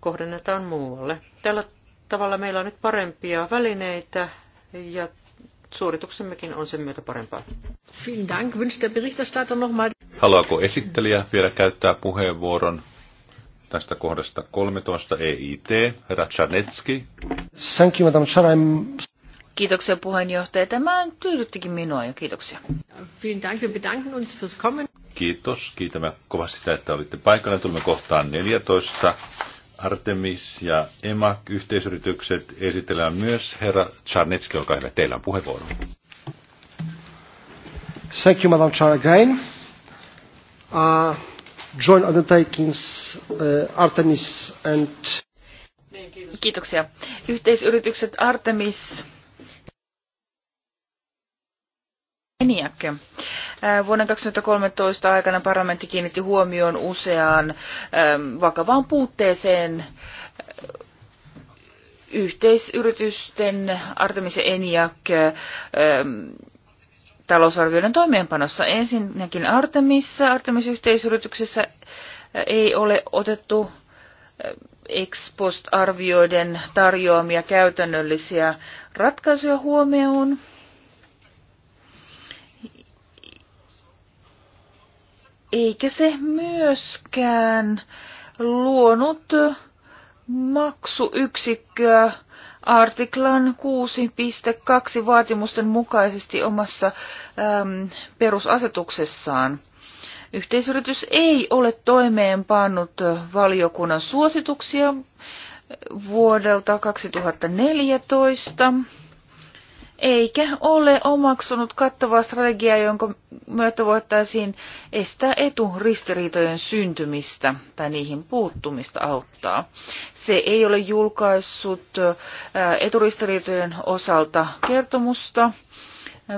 Speaker 5: kohdennetaan muualle. Tällä tavalla meillä on nyt parempia välineitä ja suorituksemmekin on sen myötä parempaa.
Speaker 2: Haluaako esittelijä vielä käyttää puheenvuoron tästä kohdasta 13 EIT, herra Czarnecki?
Speaker 4: Kiitoksia puheenjohtaja. Tämä tyydyttikin minua ja kiitoksia.
Speaker 2: Kiitos. Kiitämme kovasti sitä, että olitte paikalla. Tulemme kohtaan 14. Artemis ja EMAK yhteisyritykset esitellään myös. Herra Czarnecki, olkaa hyvä, teillä on puheenvuoro.
Speaker 3: Thank you, Madam Chair, again. Uh, joint undertakings uh, Artemis and...
Speaker 4: Kiitoksia. Yhteisyritykset Artemis ENIAC. Vuonna 2013 aikana parlamentti kiinnitti huomioon useaan ähm, vakavaan puutteeseen äh, yhteisyritysten Artemis eniak ähm, talousarvioiden toimeenpanossa. Ensinnäkin Artemissa, Artemis-yhteisyrityksessä äh, ei ole otettu äh, ex post-arvioiden tarjoamia käytännöllisiä ratkaisuja huomioon. Eikä se myöskään luonut maksuyksikköä artiklan 6.2 vaatimusten mukaisesti omassa äm, perusasetuksessaan. Yhteisyritys ei ole toimeenpannut valiokunnan suosituksia vuodelta 2014 eikä ole omaksunut kattavaa strategiaa, jonka myötä voittaisiin estää eturistiriitojen syntymistä tai niihin puuttumista auttaa. Se ei ole julkaissut eturistiriitojen osalta kertomusta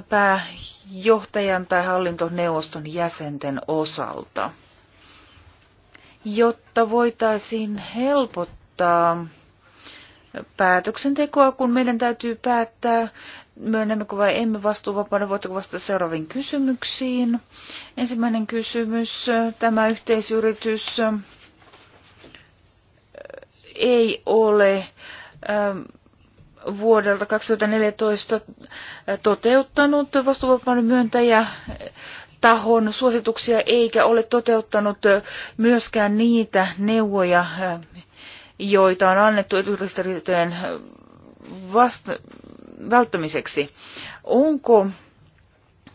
Speaker 4: pääjohtajan tai hallintoneuvoston jäsenten osalta, jotta voitaisiin helpottaa päätöksentekoa, kun meidän täytyy päättää myönnämmekö vai emme vastuuvapauden, voitteko vastata seuraaviin kysymyksiin. Ensimmäinen kysymys, tämä yhteisyritys äh, ei ole ähm, vuodelta 2014 toteuttanut vastuuvapauden myöntäjä tahon suosituksia eikä ole toteuttanut myöskään niitä neuvoja, äh, joita on annettu eturistiriitojen vasta- välttämiseksi. Onko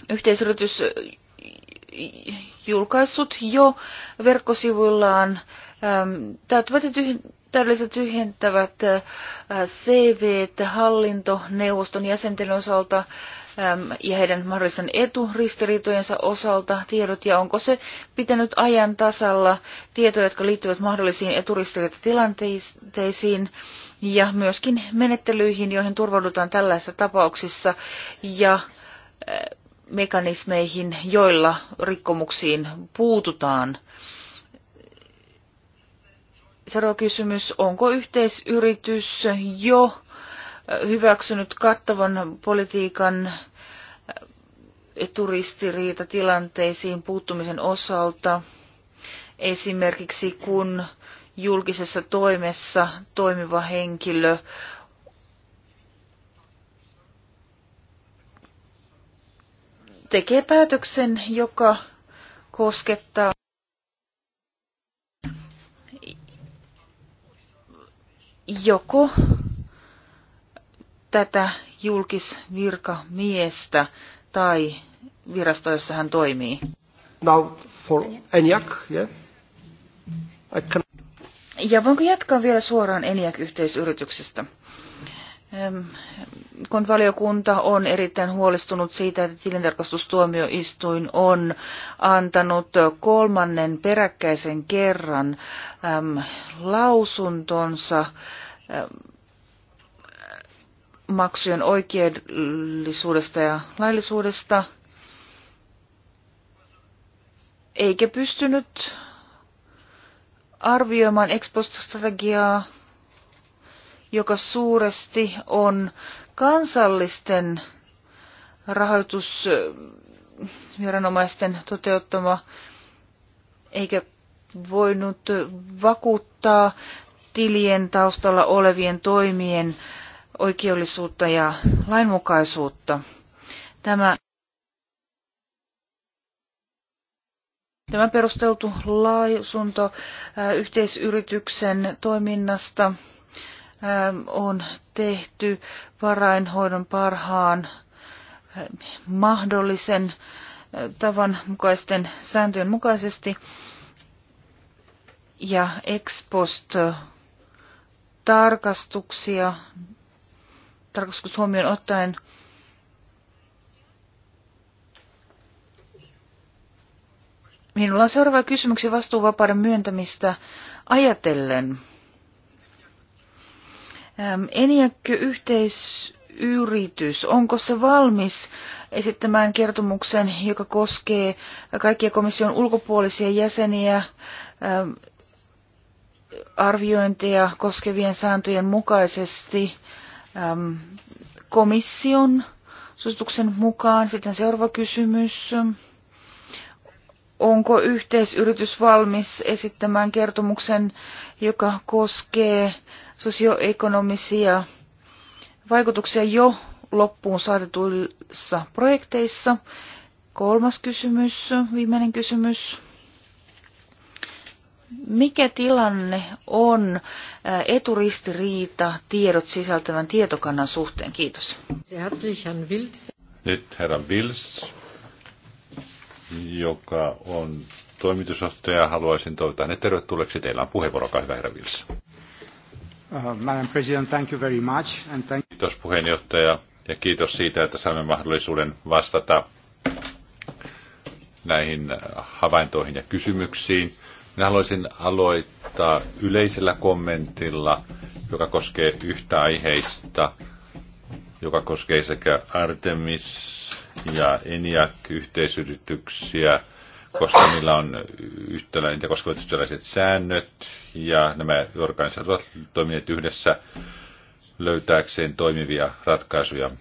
Speaker 4: yhteisyritys julkaissut jo verkkosivuillaan ähm, täyttävät täydelliset tyhjentävät äh, CV-hallintoneuvoston jäsenten osalta Ähm, ja heidän mahdollisen eturistiriitojensa osalta tiedot ja onko se pitänyt ajan tasalla tietoja, jotka liittyvät mahdollisiin eturistiriitatilanteisiin ja myöskin menettelyihin, joihin turvaudutaan tällaisissa tapauksissa ja äh, mekanismeihin, joilla rikkomuksiin puututaan. Seuraava kysymys, onko yhteisyritys jo hyväksynyt kattavan politiikan turistiriitatilanteisiin puuttumisen osalta. Esimerkiksi kun julkisessa toimessa toimiva henkilö tekee päätöksen, joka koskettaa joko tätä julkisvirkamiestä tai virasto, jossa hän toimii. Now for ENIAC,
Speaker 3: yeah. I
Speaker 4: can... Ja voinko jatkaa vielä suoraan ENIAC-yhteisyrityksestä? Kun valiokunta on erittäin huolestunut siitä, että tilintarkastustuomioistuin on antanut kolmannen peräkkäisen kerran äm, lausuntonsa äm, maksujen oikeellisuudesta ja laillisuudesta, eikä pystynyt arvioimaan expost joka suuresti on kansallisten rahoitusviranomaisten toteuttama, eikä voinut vakuuttaa tilien taustalla olevien toimien oikeellisuutta ja lainmukaisuutta. Tämä, tämä perusteltu lausunto äh, yhteisyrityksen toiminnasta äh, on tehty varainhoidon parhaan äh, mahdollisen tavan mukaisten sääntöjen mukaisesti ja ex post tarkastuksia tarkastus huomioon ottaen Minulla on seuraava kysymyksi vastuuvapauden myöntämistä ajatellen. Eniäkkö-yhteisyritys, onko se valmis esittämään kertomuksen, joka koskee kaikkia komission ulkopuolisia jäseniä, arviointeja koskevien sääntöjen mukaisesti – äm, komission suosituksen mukaan. Sitten seuraava kysymys. Onko yhteisyritys valmis esittämään kertomuksen, joka koskee sosioekonomisia vaikutuksia jo loppuun saatetuissa projekteissa? Kolmas kysymys, viimeinen kysymys mikä tilanne on eturistiriita tiedot sisältävän tietokannan suhteen? Kiitos.
Speaker 2: Nyt herra Vils, joka on toimitusjohtaja. Haluaisin toivottaa ne tervetulleeksi. Teillä on puheenvuoro, olkaa hyvä herra Vils.
Speaker 3: Uh, President, thank you very much. And thank...
Speaker 2: Kiitos puheenjohtaja ja kiitos siitä, että saimme mahdollisuuden vastata näihin havaintoihin ja kysymyksiin minä haluaisin aloittaa yleisellä kommentilla, joka koskee yhtä aiheista, joka koskee sekä Artemis ja ENIAC-yhteisyrityksiä, koska niillä on yhtäläinen ja koskevat yhtäläiset säännöt, ja nämä organisaatiot ovat toimineet yhdessä löytääkseen toimivia ratkaisuja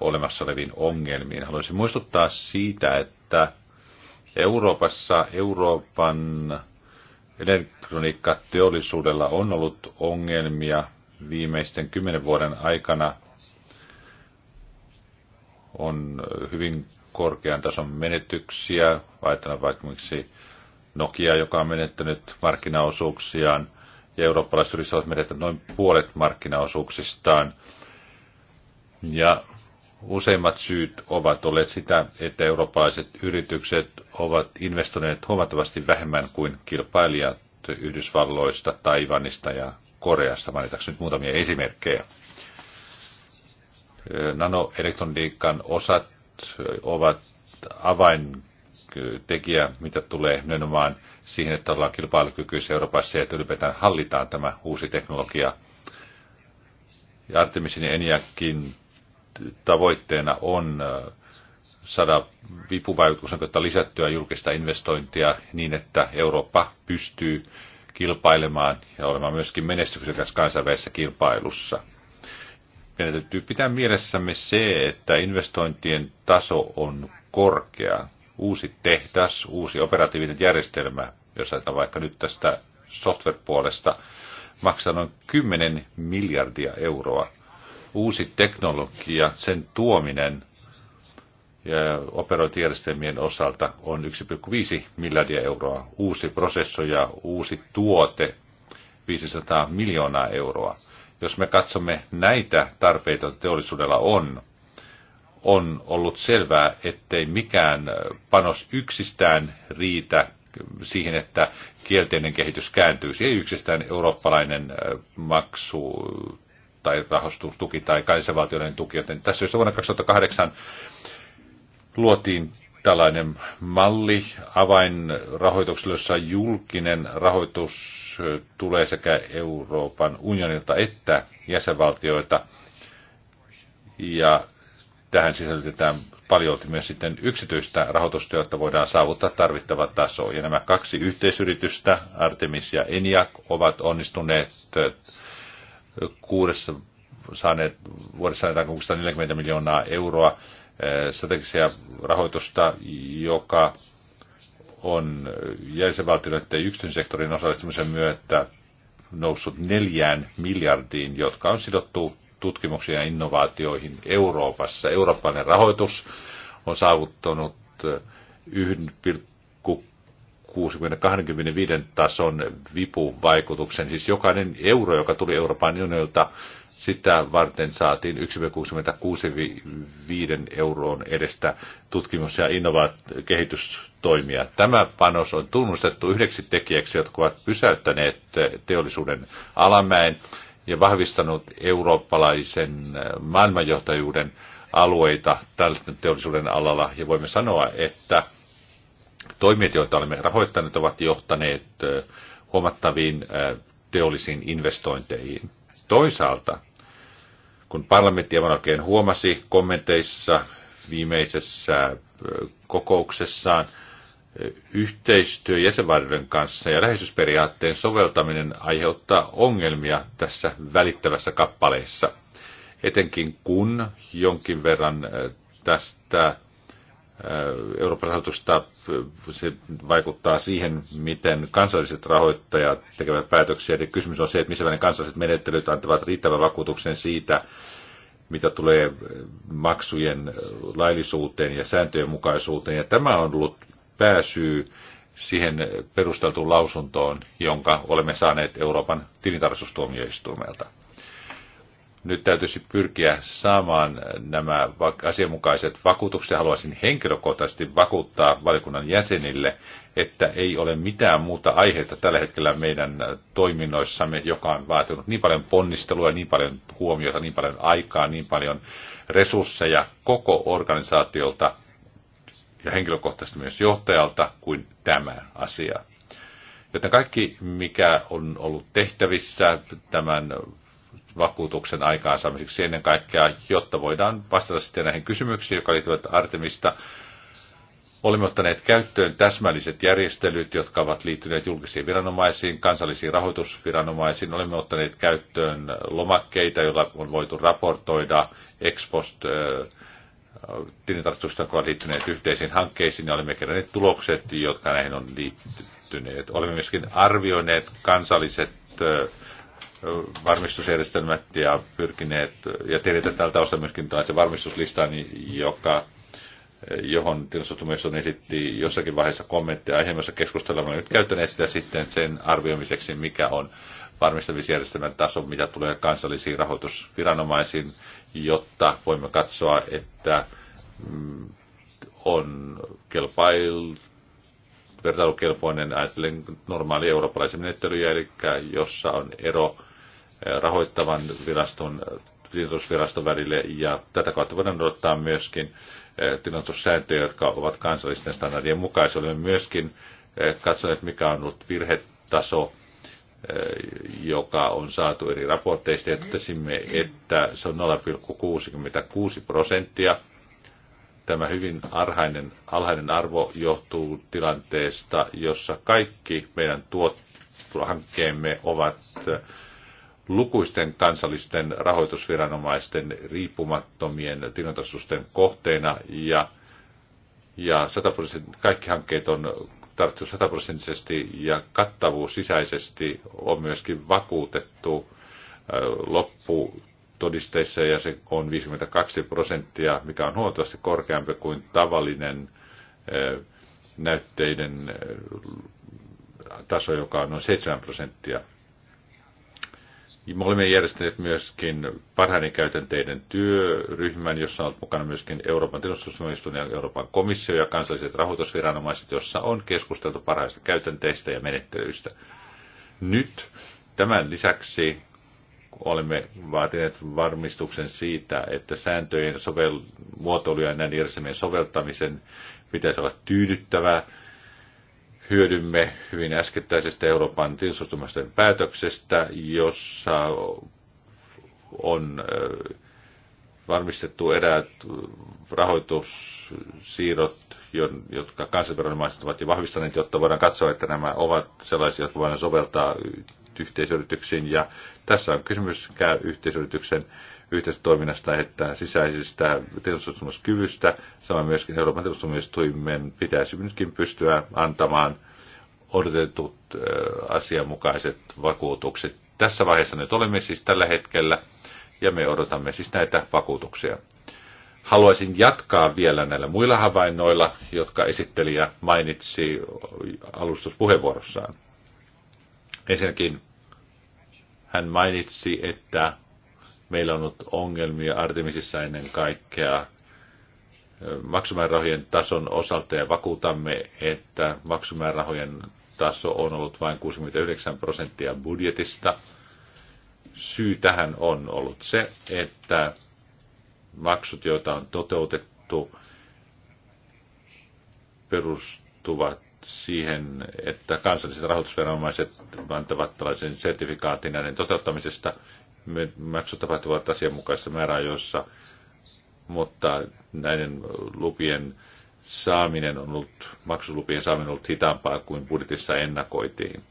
Speaker 2: olemassa oleviin ongelmiin. Haluaisin muistuttaa siitä, että Euroopassa Euroopan elektroniikkateollisuudella on ollut ongelmia viimeisten kymmenen vuoden aikana. On hyvin korkean tason menetyksiä, ajatellaan vaikka miksi Nokia, joka on menettänyt markkinaosuuksiaan, ja eurooppalaiset yritykset ovat menettäneet noin puolet markkinaosuuksistaan. Ja Useimmat syyt ovat olleet sitä, että eurooppalaiset yritykset ovat investoineet huomattavasti vähemmän kuin kilpailijat Yhdysvalloista, Taivanista ja Koreasta, mainitaanko nyt muutamia esimerkkejä. Nanoelektroniikan osat ovat avaintekijä, mitä tulee nimenomaan siihen, että ollaan kilpailukykyisiä Euroopassa ja että ylipäätään hallitaan tämä uusi teknologia. Ja Artemisin ja Eniakin tavoitteena on saada vipuvaikutuksen kautta lisättyä julkista investointia niin, että Eurooppa pystyy kilpailemaan ja olemaan myöskin menestyksekäs kansainvälisessä kilpailussa. Meidän täytyy pitää mielessämme se, että investointien taso on korkea. Uusi tehdas, uusi operatiivinen järjestelmä, jos ajatellaan vaikka nyt tästä software-puolesta, maksaa noin 10 miljardia euroa uusi teknologia, sen tuominen operointijärjestelmien osalta on 1,5 miljardia euroa. Uusi prosessori ja uusi tuote 500 miljoonaa euroa. Jos me katsomme näitä tarpeita, joita teollisuudella on, on ollut selvää, ettei mikään panos yksistään riitä siihen, että kielteinen kehitys kääntyisi. Ei yksistään eurooppalainen äh, maksu tai rahoitustuki tai kansainvaltioiden tuki, joten tässä just vuonna 2008 luotiin tällainen malli avainrahoitukselle, jossa julkinen rahoitus tulee sekä Euroopan unionilta että jäsenvaltioita. Ja tähän sisällytetään paljon myös sitten yksityistä rahoitusta, jotta voidaan saavuttaa tarvittava taso. Ja nämä kaksi yhteisyritystä, Artemis ja ENIAC, ovat onnistuneet kuudessa saaneet, vuodessa 140 miljoonaa euroa eh, strategisia rahoitusta, joka on jäsenvaltioiden ja yksityisen sektorin osallistumisen myötä noussut neljään miljardiin, jotka on sidottu tutkimuksiin ja innovaatioihin Euroopassa. Eurooppainen rahoitus on saavuttanut eh, 60-25 tason vipuvaikutuksen. Siis jokainen euro, joka tuli Euroopan unionilta, sitä varten saatiin 1,65 euroon edestä tutkimus- ja innovaatiokehitystoimia. Tämä panos on tunnustettu yhdeksi tekijäksi, jotka ovat pysäyttäneet teollisuuden alamäen ja vahvistanut eurooppalaisen maailmanjohtajuuden alueita tällaisten teollisuuden alalla. Ja voimme sanoa, että Toimijat, joita olemme rahoittaneet, ovat johtaneet huomattaviin teollisiin investointeihin. Toisaalta, kun parlamentti aivan oikein huomasi kommenteissa viimeisessä kokouksessaan, yhteistyö jäsenvaltioiden kanssa ja läheisyysperiaatteen soveltaminen aiheuttaa ongelmia tässä välittävässä kappaleessa. Etenkin kun jonkin verran tästä Euroopan rahoitusta, se vaikuttaa siihen, miten kansalliset rahoittajat tekevät päätöksiä. Eli kysymys on se, että missä kansalliset menettelyt antavat riittävän vakuutuksen siitä, mitä tulee maksujen laillisuuteen ja sääntöjen mukaisuuteen. Ja tämä on ollut pääsyy siihen perusteltuun lausuntoon, jonka olemme saaneet Euroopan tilintarkastustuomioistuimelta nyt täytyisi pyrkiä saamaan nämä asianmukaiset vakuutukset. Haluaisin henkilökohtaisesti vakuuttaa valiokunnan jäsenille, että ei ole mitään muuta aiheita tällä hetkellä meidän toiminnoissamme, joka on vaatinut niin paljon ponnistelua, niin paljon huomiota, niin paljon aikaa, niin paljon resursseja koko organisaatiolta ja henkilökohtaisesti myös johtajalta kuin tämä asia. Joten kaikki, mikä on ollut tehtävissä tämän vakuutuksen aikaansaamiseksi ennen kaikkea, jotta voidaan vastata sitten näihin kysymyksiin, jotka liittyvät Artemista. Olemme ottaneet käyttöön täsmälliset järjestelyt, jotka ovat liittyneet julkisiin viranomaisiin, kansallisiin rahoitusviranomaisiin. Olemme ottaneet käyttöön lomakkeita, joilla on voitu raportoida ex post tilintarkastuksista, jotka ovat liittyneet yhteisiin hankkeisiin, ja olemme keränneet tulokset, jotka näihin on liittyneet. Olemme myöskin arvioineet kansalliset varmistusjärjestelmät ja pyrkineet, ja tiedätte tältä osalta myöskin tällaisen varmistuslistan, joka, johon tilastotumiston esitti jossakin vaiheessa kommentteja aiheemmassa keskustelussa. Olemme nyt käyttäneet sitä sitten sen arvioimiseksi, mikä on varmistamisjärjestelmän taso, mitä tulee kansallisiin rahoitusviranomaisiin, jotta voimme katsoa, että mm, on kelpail, vertailukelpoinen ajattelen normaali eurooppalaisen menettelyjä, eli jossa on ero rahoittavan viraston tilintarkastusviraston välille ja tätä kautta voidaan odottaa myöskin eh, tilintarkastussääntöjä, jotka ovat kansallisten standardien mukaisia. Olemme myöskin eh, katsoneet, mikä on ollut virhetaso, eh, joka on saatu eri raporteista ja totesimme, että se on 0,66 prosenttia. Tämä hyvin arhainen, alhainen arvo johtuu tilanteesta, jossa kaikki meidän tuot, hankkeemme ovat lukuisten kansallisten rahoitusviranomaisten riippumattomien tilintarkastusten kohteena ja, ja 100 kaikki hankkeet on tarttu sataprosenttisesti ja kattavuus sisäisesti on myöskin vakuutettu lopputodisteissa ja se on 52 prosenttia, mikä on huomattavasti korkeampi kuin tavallinen näytteiden taso, joka on noin 7 prosenttia. Me olemme järjestäneet myöskin parhaiden käytänteiden työryhmän, jossa on mukana myöskin Euroopan tilastustuomioistuin ja Euroopan komissio ja kansalliset rahoitusviranomaiset, jossa on keskusteltu parhaista käytänteistä ja menettelyistä. Nyt tämän lisäksi olemme vaatineet varmistuksen siitä, että sääntöjen sovel- muotoiluja ja näiden järjestelmien soveltamisen pitäisi olla tyydyttävää hyödymme hyvin äskettäisestä Euroopan tilsustumisten päätöksestä, jossa on varmistettu eräät rahoitussiirrot, jotka kansanviranomaiset ovat jo vahvistaneet, jotta voidaan katsoa, että nämä ovat sellaisia, jotka voidaan soveltaa yhteisyrityksiin. Ja tässä on kysymys käy yhteisyrityksen yhteistoiminnasta että sisäisistä tiedostustumiskyvystä. Samoin myöskin Euroopan tiedostustumistuimen pitäisi nytkin pystyä antamaan odotetut asianmukaiset vakuutukset. Tässä vaiheessa nyt olemme siis tällä hetkellä ja me odotamme siis näitä vakuutuksia. Haluaisin jatkaa vielä näillä muilla havainnoilla, jotka esittelijä mainitsi alustuspuheenvuorossaan. Ensinnäkin hän mainitsi, että Meillä on ollut ongelmia Artemisissa ennen kaikkea maksumäärärahojen tason osalta ja vakuutamme, että maksumäärärahojen taso on ollut vain 69 prosenttia budjetista. Syy tähän on ollut se, että maksut, joita on toteutettu, perustuvat siihen, että kansalliset rahoitusviranomaiset antavat tällaisen sertifikaatin näiden toteuttamisesta, maksut tapahtuvat asianmukaisissa määräajoissa, mutta näiden lupien saaminen on ollut, maksulupien saaminen on ollut hitaampaa kuin budjetissa ennakoitiin.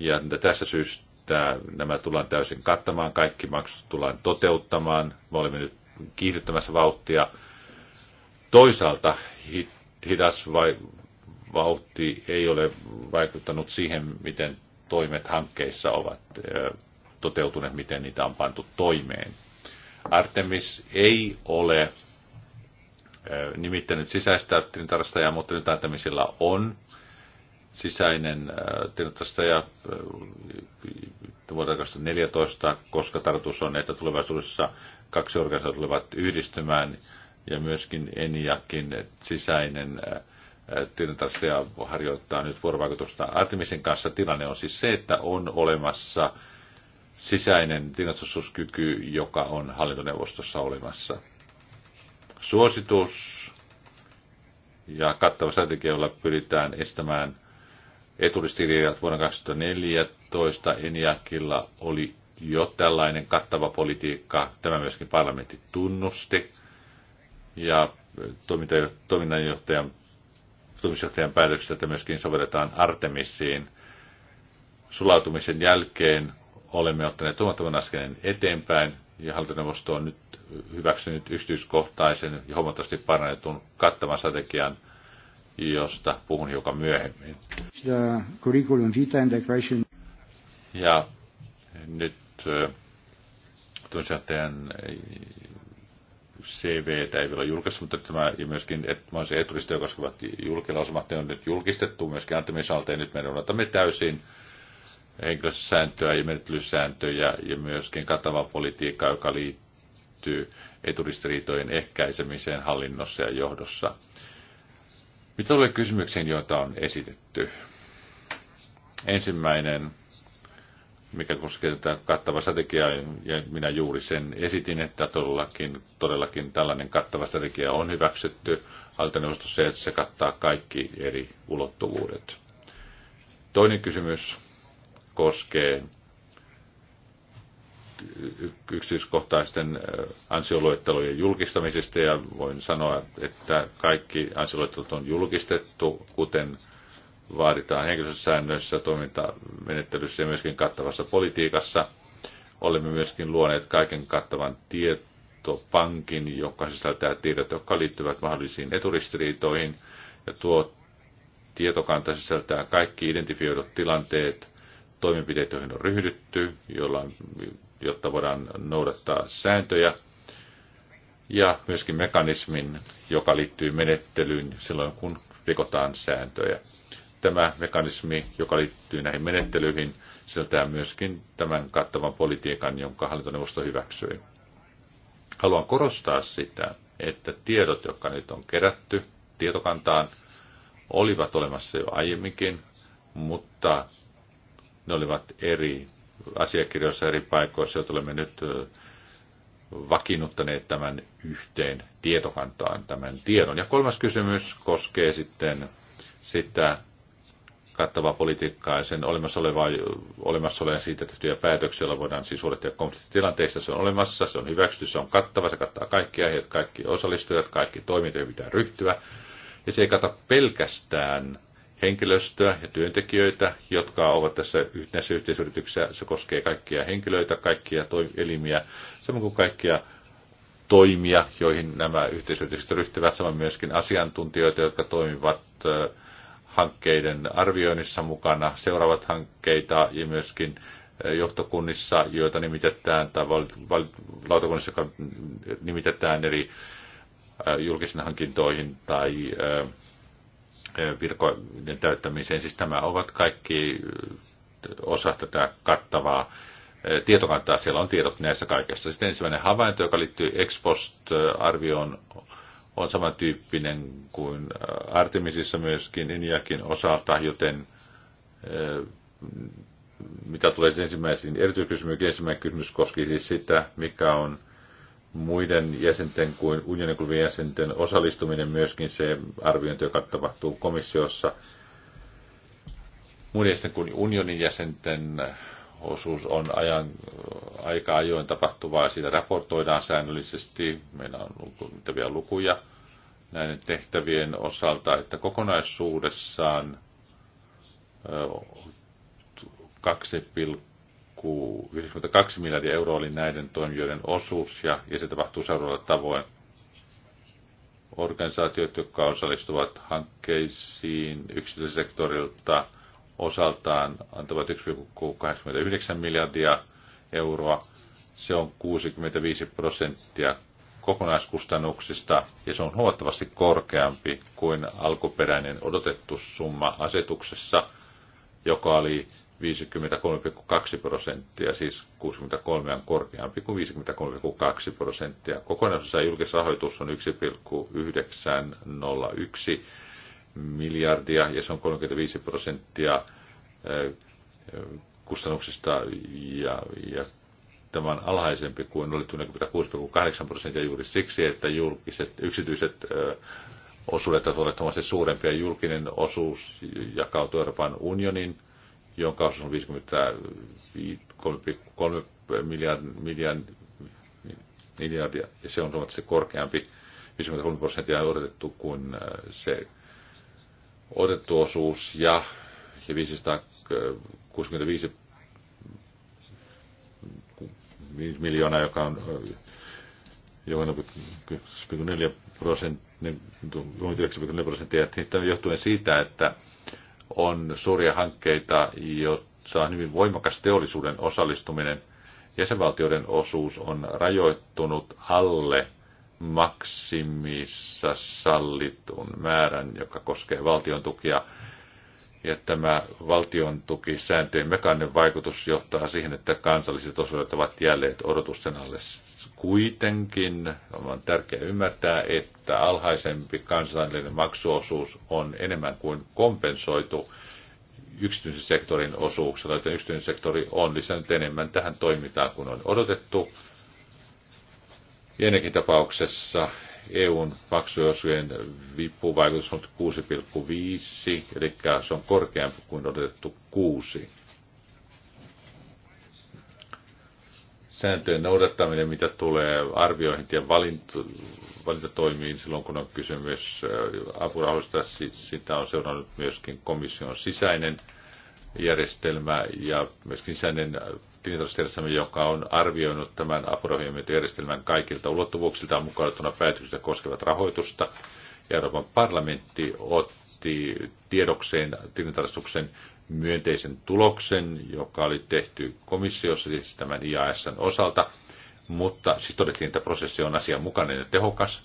Speaker 2: Ja tässä syystä nämä tullaan täysin kattamaan, kaikki maksut tullaan toteuttamaan. Me olemme nyt kiihdyttämässä vauhtia. Toisaalta hidas vai, vauhti ei ole vaikuttanut siihen, miten toimet hankkeissa ovat toteutuneet, miten niitä on pantu toimeen. Artemis ei ole nimittänyt sisäistä tilintarkastajaa, mutta nyt Artemisilla on sisäinen tilintarkastaja vuodelta 2014, koska tarkoitus on, että tulevaisuudessa kaksi organisaatiota tulevat yhdistymään ja myöskin Eniakin sisäinen tilintarkastaja harjoittaa nyt vuorovaikutusta Artemisin kanssa. Tilanne on siis se, että on olemassa sisäinen tilastuskyky, joka on hallintoneuvostossa olemassa. Suositus ja kattava strategia, jolla pyritään estämään eturistiriidat vuonna 2014. Eniakilla oli jo tällainen kattava politiikka. Tämä myöskin parlamentti tunnusti. Ja toiminnanjohtajan, toimitusjohtajan päätöksestä, että myöskin sovelletaan Artemisiin. Sulautumisen jälkeen olemme ottaneet huomattavan askeleen eteenpäin ja hallintoneuvosto on nyt hyväksynyt yksityiskohtaisen ja huomattavasti parannetun kattavan strategian, josta puhun hiukan myöhemmin. Ja nyt äh, tunnusjohtajan äh, cv ei vielä julkaista, mutta tämä ja myöskin mahdollisia eturistoja koskevat julkilausumat, ne on nyt julkistettu myöskin antamisalta ja nyt me odotamme täysin henkilöstösääntöä ja menettelysääntöjä ja myöskin kattava politiikka, joka liittyy eturistiriitojen ehkäisemiseen hallinnossa ja johdossa. Mitä tulee kysymyksiin, joita on esitetty? Ensimmäinen, mikä koskee tätä kattava strategiaa, ja minä juuri sen esitin, että todellakin, todellakin tällainen kattava strategia on hyväksytty hallintoneuvostossa, että se kattaa kaikki eri ulottuvuudet. Toinen kysymys koskee yksityiskohtaisten ansioluettelojen julkistamisesta ja voin sanoa, että kaikki ansioluettelot on julkistettu, kuten vaaditaan henkilöstösäännöissä, toimintamenettelyssä ja myöskin kattavassa politiikassa. Olemme myöskin luoneet kaiken kattavan tietopankin, joka sisältää tiedot, jotka liittyvät mahdollisiin eturistiriitoihin. Ja tuo tietokanta sisältää kaikki identifioidut tilanteet, toimenpiteet, joihin on ryhdytty, jolla, jotta voidaan noudattaa sääntöjä, ja myöskin mekanismin, joka liittyy menettelyyn silloin, kun rikotaan sääntöjä. Tämä mekanismi, joka liittyy näihin menettelyihin, sieltää myöskin tämän kattavan politiikan, jonka hallintoneuvosto hyväksyi. Haluan korostaa sitä, että tiedot, jotka nyt on kerätty tietokantaan, olivat olemassa jo aiemminkin, mutta ne olivat eri asiakirjoissa eri paikoissa, joita olemme nyt vakiinnuttaneet tämän yhteen tietokantaan, tämän tiedon. Ja kolmas kysymys koskee sitten sitä kattavaa politiikkaa ja sen olemassa, olevaa, olemassa olevaa siitä tehtyjä päätöksiä, joilla voidaan siis huolehtia konfliktitilanteista. Se on olemassa, se on hyväksytty, se on kattava, se kattaa kaikki aiheet, kaikki osallistujat, kaikki toimintoja pitää ryhtyä. Ja se ei kata pelkästään henkilöstöä ja työntekijöitä, jotka ovat tässä näissä yhteisyrityksissä. Se koskee kaikkia henkilöitä, kaikkia elimiä, samoin kuin kaikkia toimia, joihin nämä yhteisyritykset ryhtyvät, samoin myöskin asiantuntijoita, jotka toimivat hankkeiden arvioinnissa mukana, seuraavat hankkeita ja myöskin johtokunnissa, joita nimitetään, tai lautakunnissa, joka nimitetään eri julkisiin hankintoihin tai virkojen täyttämiseen. Siis tämä ovat kaikki osa tätä kattavaa tietokantaa. Siellä on tiedot näissä kaikessa. Sitten ensimmäinen havainto, joka liittyy Expost-arvioon, on samantyyppinen kuin Artemisissa myöskin Iniakin osalta, joten mitä tulee ensimmäisiin erityiskysymyksiin, ensimmäinen kysymys koski siis sitä, mikä on – muiden jäsenten kuin unionin jäsenten osallistuminen myöskin se arviointi, joka tapahtuu komissiossa. Muiden jäsenten kuin unionin jäsenten osuus on ajan, aika ajoin tapahtuvaa, siitä raportoidaan säännöllisesti. Meillä on lukuja, lukuja näiden tehtävien osalta, että kokonaisuudessaan 2, 92 miljardia euroa oli näiden toimijoiden osuus, ja, ja se tapahtuu seuraavalla tavoin. Organisaatiot, jotka osallistuvat hankkeisiin yksityissektorilta, osaltaan antavat 1,89 miljardia euroa. Se on 65 prosenttia kokonaiskustannuksista ja se on huomattavasti korkeampi kuin alkuperäinen odotettu summa asetuksessa, joka oli 53,2 prosenttia, siis 63 on korkeampi kuin 53,2 prosenttia. Kokonaisuudessaan julkisrahoitus on 1,901 miljardia ja se on 35 prosenttia eh, kustannuksista ja, ja tämä on alhaisempi kuin oli 46,8 prosenttia juuri siksi, että julkiset, yksityiset eh, osuudet ovat huomattavasti suurempia. Julkinen osuus jakautuu Euroopan unionin jonka osuus on 53,3 miljard, miljard, miljardia, ja se on huomattavasti korkeampi, 53 prosenttia on odotettu kuin äh, se odotettu osuus, ja, ja 565 miljoonaa, joka on äh, joka 9,4 prosenttia, 9,4 niin, prosenttia niin, johtuen siitä, että on suuria hankkeita, joissa on hyvin voimakas teollisuuden osallistuminen. Jäsenvaltioiden osuus on rajoittunut alle maksimissa sallitun määrän, joka koskee valtion tukia ja tämä valtion tukisääntöjen mekaaninen vaikutus johtaa siihen, että kansalliset osuudet ovat jälleen odotusten alle. Kuitenkin on tärkeää ymmärtää, että alhaisempi kansallinen maksuosuus on enemmän kuin kompensoitu yksityisen sektorin osuuksella, joten yksityinen sektori on lisännyt enemmän tähän toimintaan kuin on odotettu. Ennenkin tapauksessa EUn maksuosujen vipuvaikutus on 6,5, eli se on korkeampi kuin odotettu 6. Sääntöjen noudattaminen, mitä tulee arvioihin ja valintatoimiin silloin, kun on kysymys äh, apurahoista, sitä on seurannut myöskin komission sisäinen järjestelmä ja myöskin sisäinen tilintarkastusjärjestelmä, joka on arvioinut tämän apurahojenmyöntöjärjestelmän kaikilta ulottuvuuksiltaan mukautettuna päätöksistä koskevat rahoitusta. Ja Euroopan parlamentti otti tiedokseen tilintarkastuksen myönteisen tuloksen, joka oli tehty komissiossa siis tämän IASn osalta. Mutta siis todettiin, että prosessi on asianmukainen ja tehokas.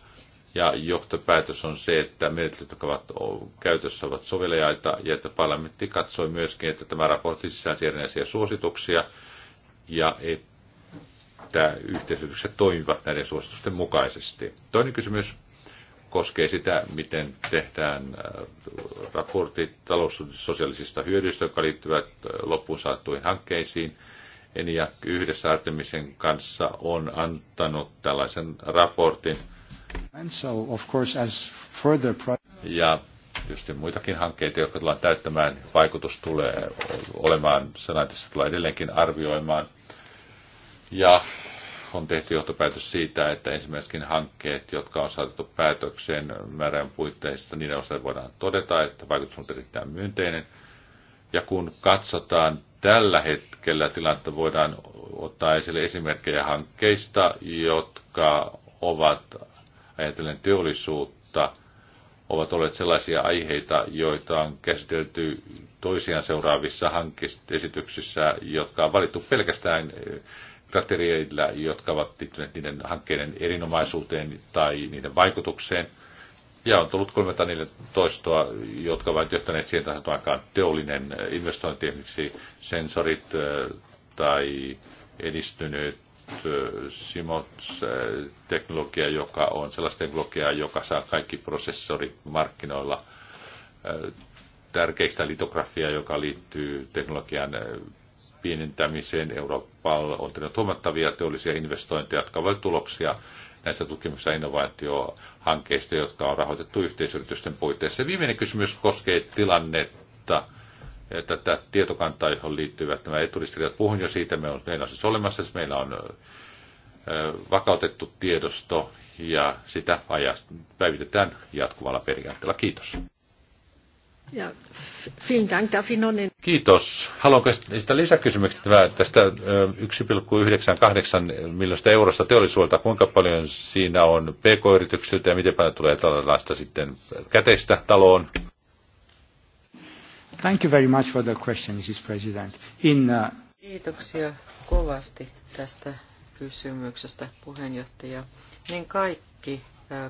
Speaker 2: Ja johtopäätös on se, että menettelyt, jotka ovat käytössä, ovat sovelejaita ja että parlamentti katsoi myöskin, että tämä raportti sisälsi erinäisiä suosituksia, ja että yhteisyritykset toimivat näiden suositusten mukaisesti. Toinen kysymys koskee sitä, miten tehdään äh, raportit taloussosiaalisista hyödyistä, jotka liittyvät äh, loppuun saattuihin hankkeisiin. Enia yhdessä Artemisen kanssa on antanut tällaisen raportin. Ja tietysti muitakin hankkeita, jotka tullaan täyttämään, vaikutus tulee olemaan, sanatissa tulee edelleenkin arvioimaan ja on tehty johtopäätös siitä, että ensimmäisetkin hankkeet, jotka on saatettu päätökseen määrän puitteissa, niiden osalta voidaan todeta, että vaikutus on erittäin myönteinen. Ja kun katsotaan tällä hetkellä tilannetta, voidaan ottaa esille esimerkkejä hankkeista, jotka ovat, ajatellen teollisuutta, ovat olleet sellaisia aiheita, joita on käsitelty toisiaan seuraavissa hankkeesityksissä, jotka on valittu pelkästään kriteereillä, jotka ovat liittyneet niiden hankkeiden erinomaisuuteen tai niiden vaikutukseen. Ja on tullut toistoa, jotka ovat johtaneet siihen tahansa aikaan teollinen investointi, esimerkiksi sensorit tai edistynyt Simots-teknologia, joka on sellaista teknologiaa, joka saa kaikki prosessorit markkinoilla tärkeistä litografia, joka liittyy teknologian pienentämiseen. Eurooppa on tehnyt huomattavia teollisia investointeja, jotka ovat tuloksia näistä tutkimuksista innovaatiohankkeista, jotka on rahoitettu yhteisyritysten puitteissa. viimeinen kysymys koskee tilannetta, tätä tietokantaa, johon liittyvät nämä eturistiriidat. Puhun jo siitä, me on, meillä on siis olemassa, siis meillä on vakautettu tiedosto ja sitä päivitetään jatkuvalla periaatteella. Kiitos.
Speaker 1: Ja, Dank,
Speaker 2: Kiitos. Haluanko sitä lisäkysymyksiä tästä 1,98 miljoonasta eurosta teollisuudelta? Kuinka paljon siinä on pk-yrityksiltä ja miten paljon tulee tällaista sitten käteistä taloon?
Speaker 3: Thank you very much for the question, Mrs. President. In, uh...
Speaker 5: Kiitoksia kovasti tästä kysymyksestä, puheenjohtaja. Niin kaikki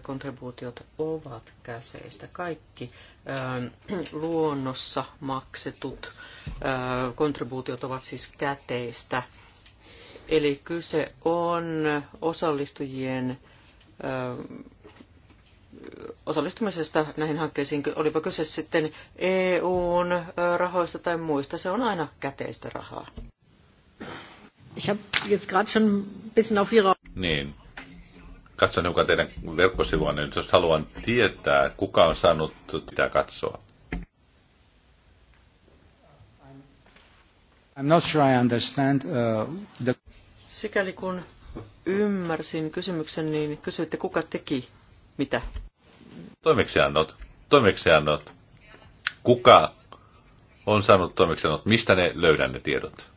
Speaker 5: kontribuutiot ovat käseistä. Kaikki luonnossa maksetut kontribuutiot ovat siis käteistä. Eli kyse on osallistujien osallistumisesta näihin hankkeisiin, olipa kyse sitten EUn rahoista tai muista, se on aina käteistä rahaa. Ich habe jetzt gerade schon ein bisschen auf Ihre...
Speaker 2: Niin, katson joka teidän verkkosivuanne, niin jos haluan tietää, kuka on saanut sitä katsoa.
Speaker 3: I'm not sure I understand, uh, the...
Speaker 5: Sikäli kun ymmärsin kysymyksen, niin kysyitte, kuka teki mitä?
Speaker 2: Toimeksiannot. Toimeksiannot. Kuka on saanut toimeksiannot? Mistä ne löydän ne tiedot?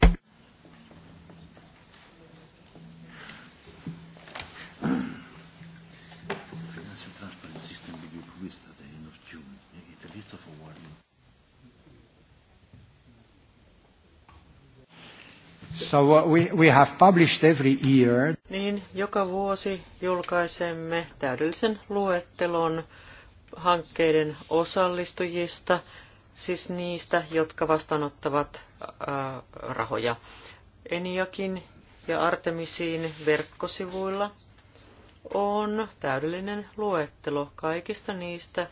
Speaker 3: So we, we have published every year.
Speaker 5: Niin, joka vuosi julkaisemme täydellisen luettelon hankkeiden osallistujista, siis niistä, jotka vastaanottavat äh, rahoja. Eniakin ja Artemisiin verkkosivuilla on täydellinen luettelo kaikista niistä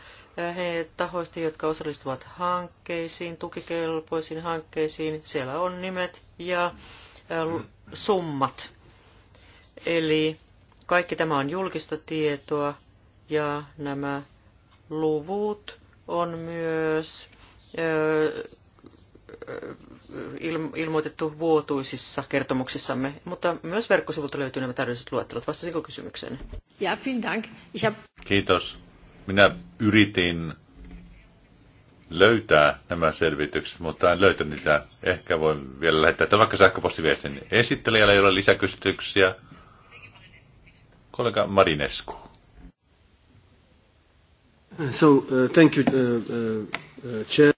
Speaker 5: he, tahoista, jotka osallistuvat hankkeisiin, tukikelpoisiin hankkeisiin. Siellä on nimet ja summat. Eli kaikki tämä on julkista tietoa ja nämä luvut on myös ilmoitettu vuotuisissa kertomuksissamme, mutta myös verkkosivulta löytyy nämä täydelliset luettelot. Vastasiko kysymykseen? Ja,
Speaker 1: dank. Ich hab...
Speaker 2: Kiitos. Minä yritin löytää nämä selvitykset, mutta en löytänyt niitä. Ehkä voi vielä lähettää tämän vaikka sähköpostiviestin esittelijälle, jolla lisäkysymyksiä. Kollega Marinescu.
Speaker 3: So, uh, thank you, uh, uh, uh, chair.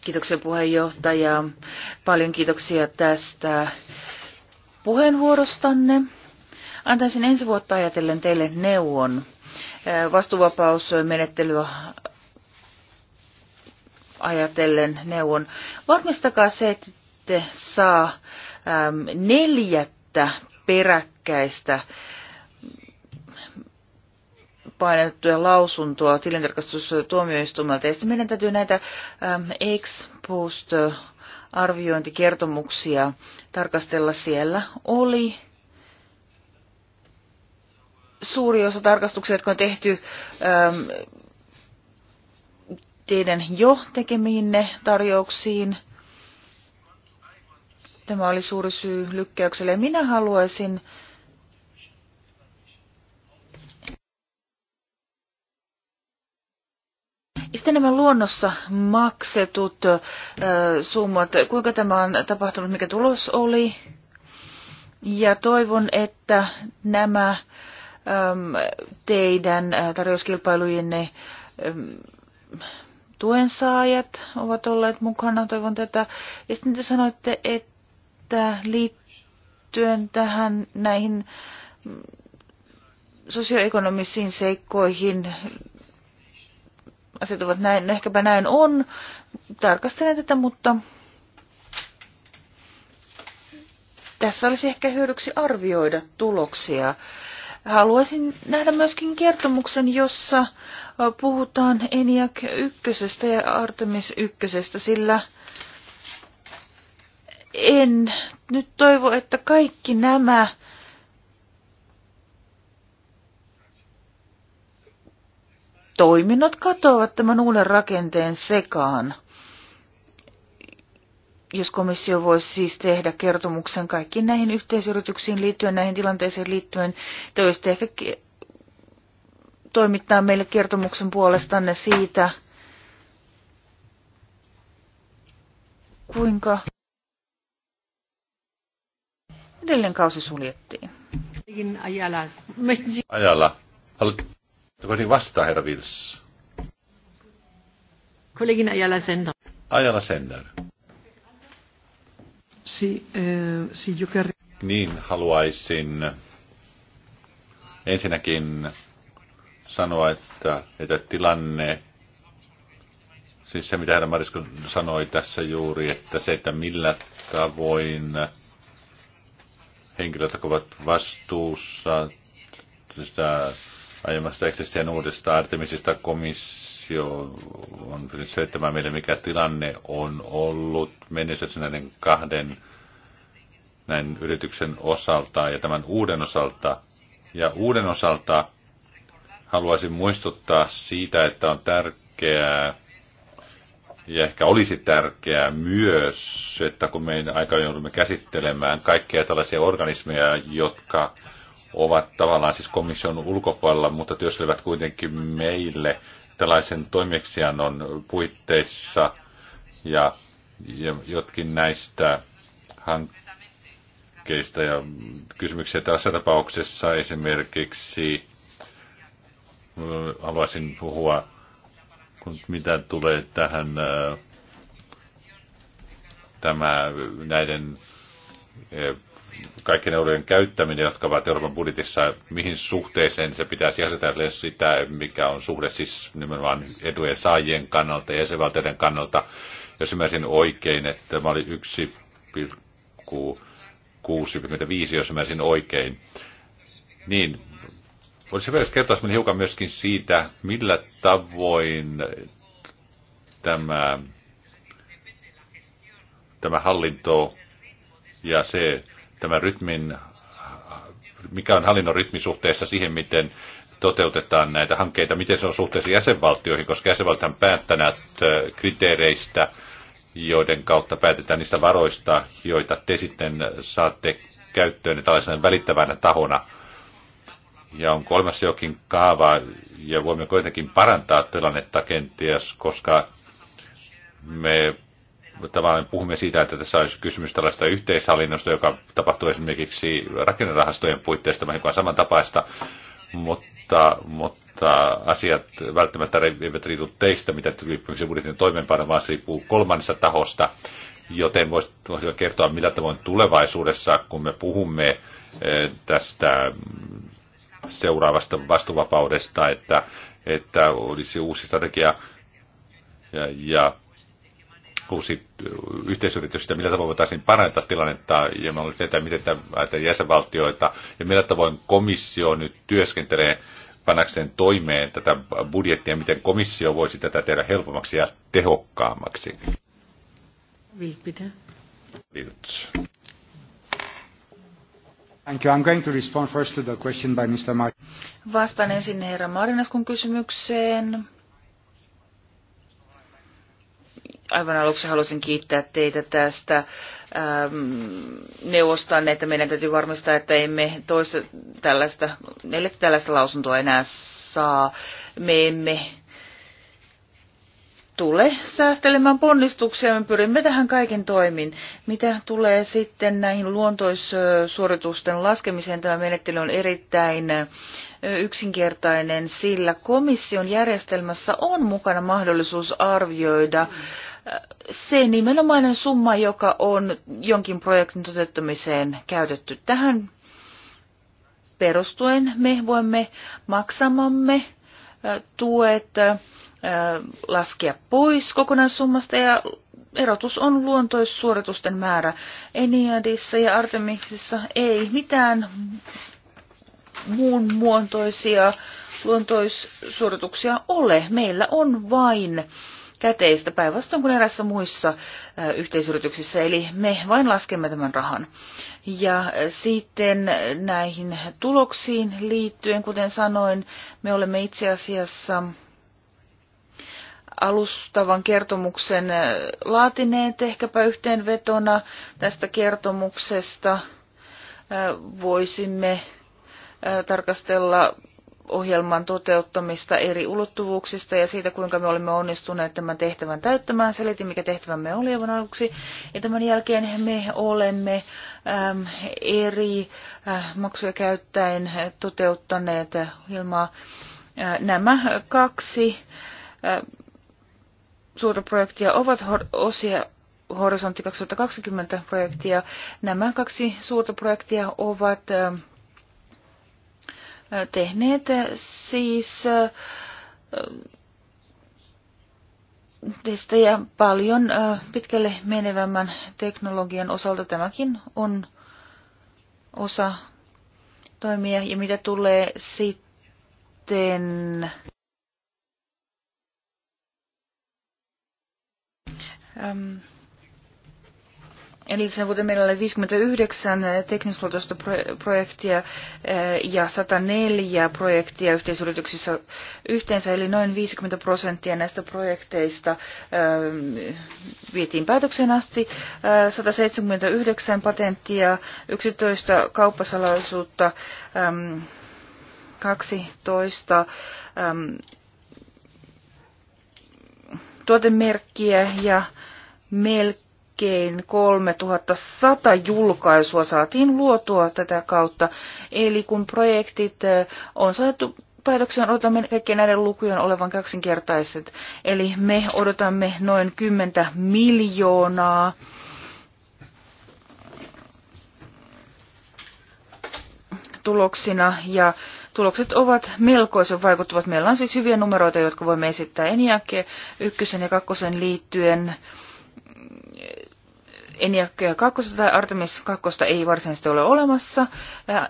Speaker 4: Kiitoksia puheenjohtaja. Paljon kiitoksia tästä puheenvuorostanne. Antaisin ensi vuotta ajatellen teille neuvon. Vastuvapausmenettelyä ajatellen neuvon. Varmistakaa se, että te saa äm, neljättä peräkkäistä painettuja lausuntoa tilintarkastustuomioistumalta. Ja sitten meidän täytyy näitä äm, ex post arviointikertomuksia tarkastella siellä. Oli suuri osa tarkastuksia, jotka on tehty äm, teidän jo tekemiinne tarjouksiin. Tämä oli suuri syy lykkäykselle. Minä haluaisin Sitten nämä luonnossa maksetut summat, kuinka tämä on tapahtunut, mikä tulos oli. Ja toivon, että nämä ähm, teidän tarjouskilpailujenne tuen saajat ovat olleet mukana. Toivon tätä. Ja sitten te sanoitte, että liittyen tähän näihin mm, sosioekonomisiin seikkoihin asiat ovat näin, no ehkäpä näin on. Tarkastelen tätä, mutta tässä olisi ehkä hyödyksi arvioida tuloksia. Haluaisin nähdä myöskin kertomuksen, jossa puhutaan Eniak ykkösestä ja Artemis ykkösestä, sillä en nyt toivo, että kaikki nämä toiminnot katoavat tämän uuden rakenteen sekaan jos komissio voisi siis tehdä kertomuksen kaikkiin näihin yhteisyrityksiin liittyen, näihin tilanteisiin liittyen, te voisitte ehkä toimittaa meille kertomuksen puolestanne siitä, kuinka edellinen kausi suljettiin.
Speaker 2: Ajalla. Haluatteko vastata, herra Vils?
Speaker 1: Kollegin Ajala Sender.
Speaker 2: Ajala Sender
Speaker 3: eh, si yo quer...
Speaker 2: Niin, haluaisin ensinnäkin sanoa, että, että tilanne, siis se mitä herra Marisko sanoi tässä juuri, että se, että millä tavoin henkilöt ovat vastuussa sitä aiemmasta eksistien uudesta Artemisista komissiosta, Lazio on pyrkinyt selittämään meille, mikä tilanne on ollut mennessä näiden kahden näin yrityksen osalta ja tämän uuden osalta. Ja uuden osalta haluaisin muistuttaa siitä, että on tärkeää ja ehkä olisi tärkeää myös, että kun me aika joudumme käsittelemään kaikkia tällaisia organismeja, jotka ovat tavallaan siis komission ulkopuolella, mutta työskentelevät kuitenkin meille, tällaisen toimeksiannon puitteissa ja, ja jotkin näistä hankkeista ja kysymyksiä tässä tapauksessa esimerkiksi äh, haluaisin puhua, kun mitä tulee tähän äh, tämä näiden äh, kaikki ne eurojen käyttäminen, jotka ovat Euroopan budjetissa, mihin suhteeseen se pitäisi asetella sitä, mikä on suhde siis nimenomaan edujen saajien kannalta ja jäsenvaltioiden kannalta. Jos ymmärsin oikein, että tämä oli 1,65, jos ymmärsin oikein. Niin, voisi vielä kertoa minulle hiukan myöskin siitä, millä tavoin tämä, tämä hallinto ja se tämän rytmin, mikä on hallinnon rytmi suhteessa siihen, miten toteutetaan näitä hankkeita, miten se on suhteessa jäsenvaltioihin, koska jäsenvaltiot päättävät kriteereistä, joiden kautta päätetään niistä varoista, joita te sitten saatte käyttöön tällaisena välittävänä tahona. Ja onko olemassa jokin kaava, ja voimme kuitenkin parantaa tilannetta kenties, koska me tavallaan puhumme siitä, että tässä olisi kysymys tällaista yhteishallinnosta, joka tapahtuu esimerkiksi rakennerahastojen puitteista, vähän samantapaista, mutta, mutta asiat välttämättä eivät riitu teistä, mitä riippuu budjetin toimeenpano, vaan se riippuu kolmannessa tahosta. Joten voisi kertoa, millä tavoin tulevaisuudessa, kun me puhumme e, tästä seuraavasta vastuvapaudesta, että, että olisi uusi strategia ja, ja uusi yhteisyritys, ja millä tavoin voitaisiin parantaa tilannetta, ja me olemme tietää, miten tämä jäsenvaltioita, ja millä tavoin komissio nyt työskentelee panakseen toimeen tätä budjettia, miten komissio voisi tätä tehdä helpommaksi ja tehokkaammaksi.
Speaker 4: Thank
Speaker 3: you. I'm going to respond first to the question by Mr. Martin.
Speaker 4: Vastaan ensin herra Marinaskun kysymykseen aivan aluksi haluaisin kiittää teitä tästä ähm, neuvostanne, että meidän täytyy varmistaa, että emme toista tällaista, neljättä tällaista lausuntoa enää saa. Me emme tule säästelemään ponnistuksia, me pyrimme tähän kaiken toimin. Mitä tulee sitten näihin luontoissuoritusten laskemiseen, tämä menettely on erittäin äh, yksinkertainen, sillä komission järjestelmässä on mukana mahdollisuus arvioida se nimenomainen summa, joka on jonkin projektin toteuttamiseen käytetty tähän perustuen, me voimme maksamamme tuet laskea pois kokonaissummasta ja erotus on luontoissuoritusten määrä. Eniadissa ja Artemisissa ei mitään muun muontoisia luontoissuorituksia ole. Meillä on vain äh, käteistä päinvastoin kuin erässä muissa äh, yhteisyrityksissä. Eli me vain laskemme tämän rahan. Ja äh, sitten näihin tuloksiin liittyen, kuten sanoin, me olemme itse asiassa alustavan kertomuksen äh, laatineet ehkäpä yhteenvetona tästä kertomuksesta. Voisimme tarkastella ohjelman toteuttamista eri ulottuvuuksista ja siitä, kuinka me olemme onnistuneet tämän tehtävän täyttämään. Selitin, mikä tehtävämme oli aivan aluksi. Ja tämän jälkeen me olemme äm, eri äh, maksuja käyttäen toteuttaneet ohjelmaa. Äh, nämä kaksi äh, suurta projektia ovat osia Horisontti 2020 projektia. Nämä kaksi suurta projektia ovat äh, tehneet siis testejä paljon pitkälle menevämmän teknologian osalta. Tämäkin on osa toimia. Ja mitä tulee sitten Um. Edellisen vuoden meillä oli 59 teknisluotoista projektia eh, ja 104 projektia yhteisyrityksissä yhteensä, eli noin 50 prosenttia näistä projekteista eh, vietiin päätökseen asti. 179 eh, patenttia, 11 kauppasalaisuutta, 12 tuotemerkkiä ja melkein melkein 3100 julkaisua saatiin luotua tätä kautta. Eli kun projektit on saatu päätöksen odotamme kaikkien näiden lukujen olevan kaksinkertaiset. Eli me odotamme noin 10 miljoonaa tuloksina ja tulokset ovat melkoisen vaikuttavat. Meillä on siis hyviä numeroita, jotka voimme esittää Eniake ykkösen ja kakkosen liittyen. Energia 2 tai Artemis 2 ei varsinaisesti ole olemassa.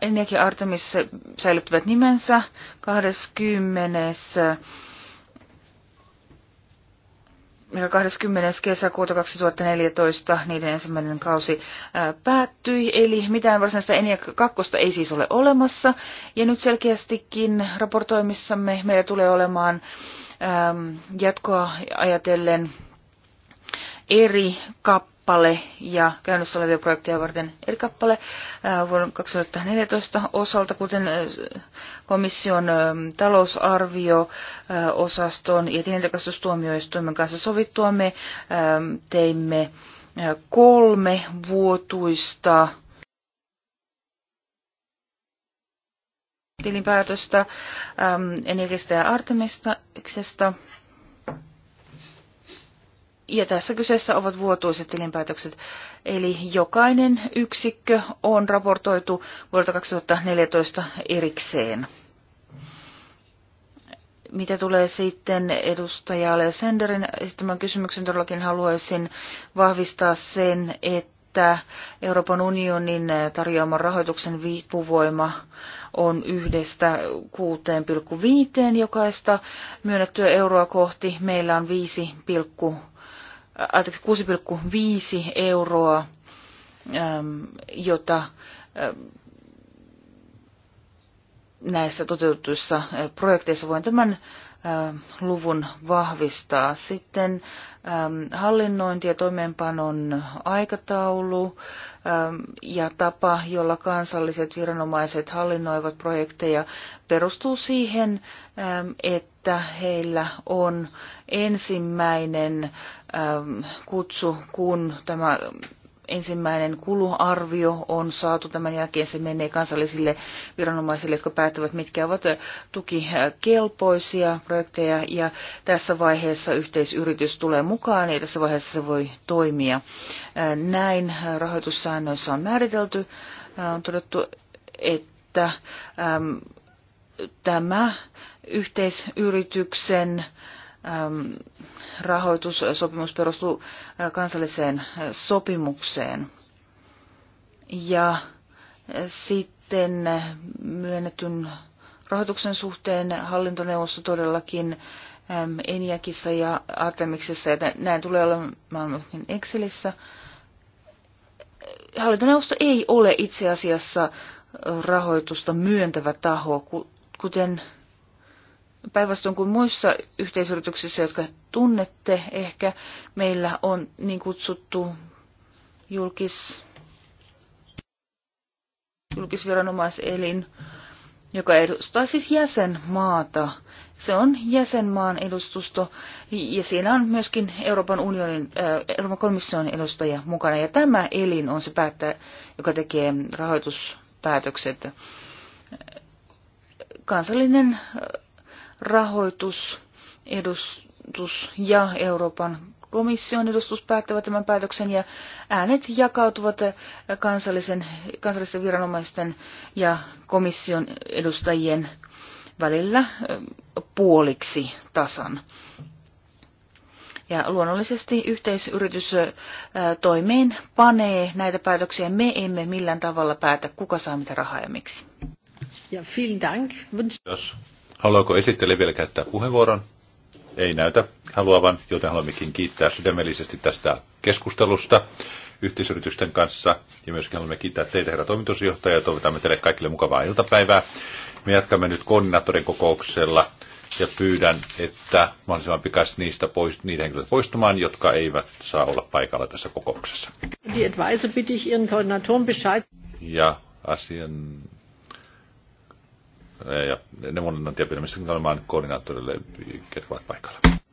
Speaker 4: Eniak ja Artemis säilyttävät nimensä 20. 20. kesäkuuta 2014 niiden ensimmäinen kausi päättyi, eli mitään varsinaista Eniak 2 ei siis ole olemassa. Ja nyt selkeästikin raportoimissamme meillä tulee olemaan jatkoa ajatellen eri kappale ja käynnissä olevia projekteja varten eri kappale vuoden 2014 osalta, kuten komission talousarvio osaston ja tilintarkastustuomioistuimen kanssa sovittuamme teimme kolme vuotuista tilinpäätöstä energiasta ja Artemiksesta ja tässä kyseessä ovat vuotuiset tilinpäätökset. Eli jokainen yksikkö on raportoitu vuodelta 2014 erikseen. Mitä tulee sitten edustaja Alessanderin esittämään kysymyksen, todellakin haluaisin vahvistaa sen, että Euroopan unionin tarjoaman rahoituksen viipuvoima on yhdestä 6,5 jokaista myönnettyä euroa kohti. Meillä on 6,5 euroa, jota näissä toteutuissa projekteissa voin tämän luvun vahvistaa. Sitten hallinnointi ja toimeenpanon aikataulu ja tapa, jolla kansalliset viranomaiset hallinnoivat projekteja, perustuu siihen, että heillä on ensimmäinen Ähm, kutsu, kun tämä ensimmäinen kuluarvio on saatu. Tämän jälkeen se menee kansallisille viranomaisille, jotka päättävät, mitkä ovat tukikelpoisia projekteja. Ja tässä vaiheessa yhteisyritys tulee mukaan ja tässä vaiheessa se voi toimia. Äh, näin rahoitussäännöissä on määritelty. Äh, on todettu, että ähm, tämä yhteisyrityksen Ähm, rahoitussopimus perustuu äh, kansalliseen äh, sopimukseen. Ja äh, sitten myönnetyn rahoituksen suhteen hallintoneuvosto todellakin ähm, Eniakissa ja Artemiksessa, ja näin tulee olemaan myöskin Excelissä. Hallintoneuvosto ei ole itse asiassa rahoitusta myöntävä taho, kuten Päinvastoin kuin muissa yhteisyrityksissä, jotka tunnette ehkä, meillä on niin kutsuttu julkis, julkisviranomaiselin, joka edustaa siis jäsenmaata. Se on jäsenmaan edustusto ja siinä on myöskin Euroopan unionin, äh, Euroopan komission edustaja mukana. Ja tämä elin on se päättäjä, joka tekee rahoituspäätökset. Kansallinen äh, rahoitus, edustus ja Euroopan komission edustus päättävät tämän päätöksen ja äänet jakautuvat kansallisen, kansallisten viranomaisten ja komission edustajien välillä puoliksi tasan. Ja luonnollisesti yhteisyritys toimeen panee näitä päätöksiä. Me emme millään tavalla päätä, kuka saa mitä rahaa ja miksi. Ja vielen dank.
Speaker 2: Haluaako esittele vielä käyttää puheenvuoron? Ei näytä haluavan, joten haluammekin kiittää sydämellisesti tästä keskustelusta yhteisyritysten kanssa. Ja myöskin haluamme kiittää teitä, herra toimitusjohtaja, ja toivotamme teille kaikille mukavaa iltapäivää. Me jatkamme nyt koordinaattorin kokouksella ja pyydän, että mahdollisimman pikaisesti niistä pois, niitä henkilöitä poistumaan, jotka eivät saa olla paikalla tässä kokouksessa. Ja asian ja neuvonantajapidämistä olemaan koordinaattorille, ketkä ovat paikalla.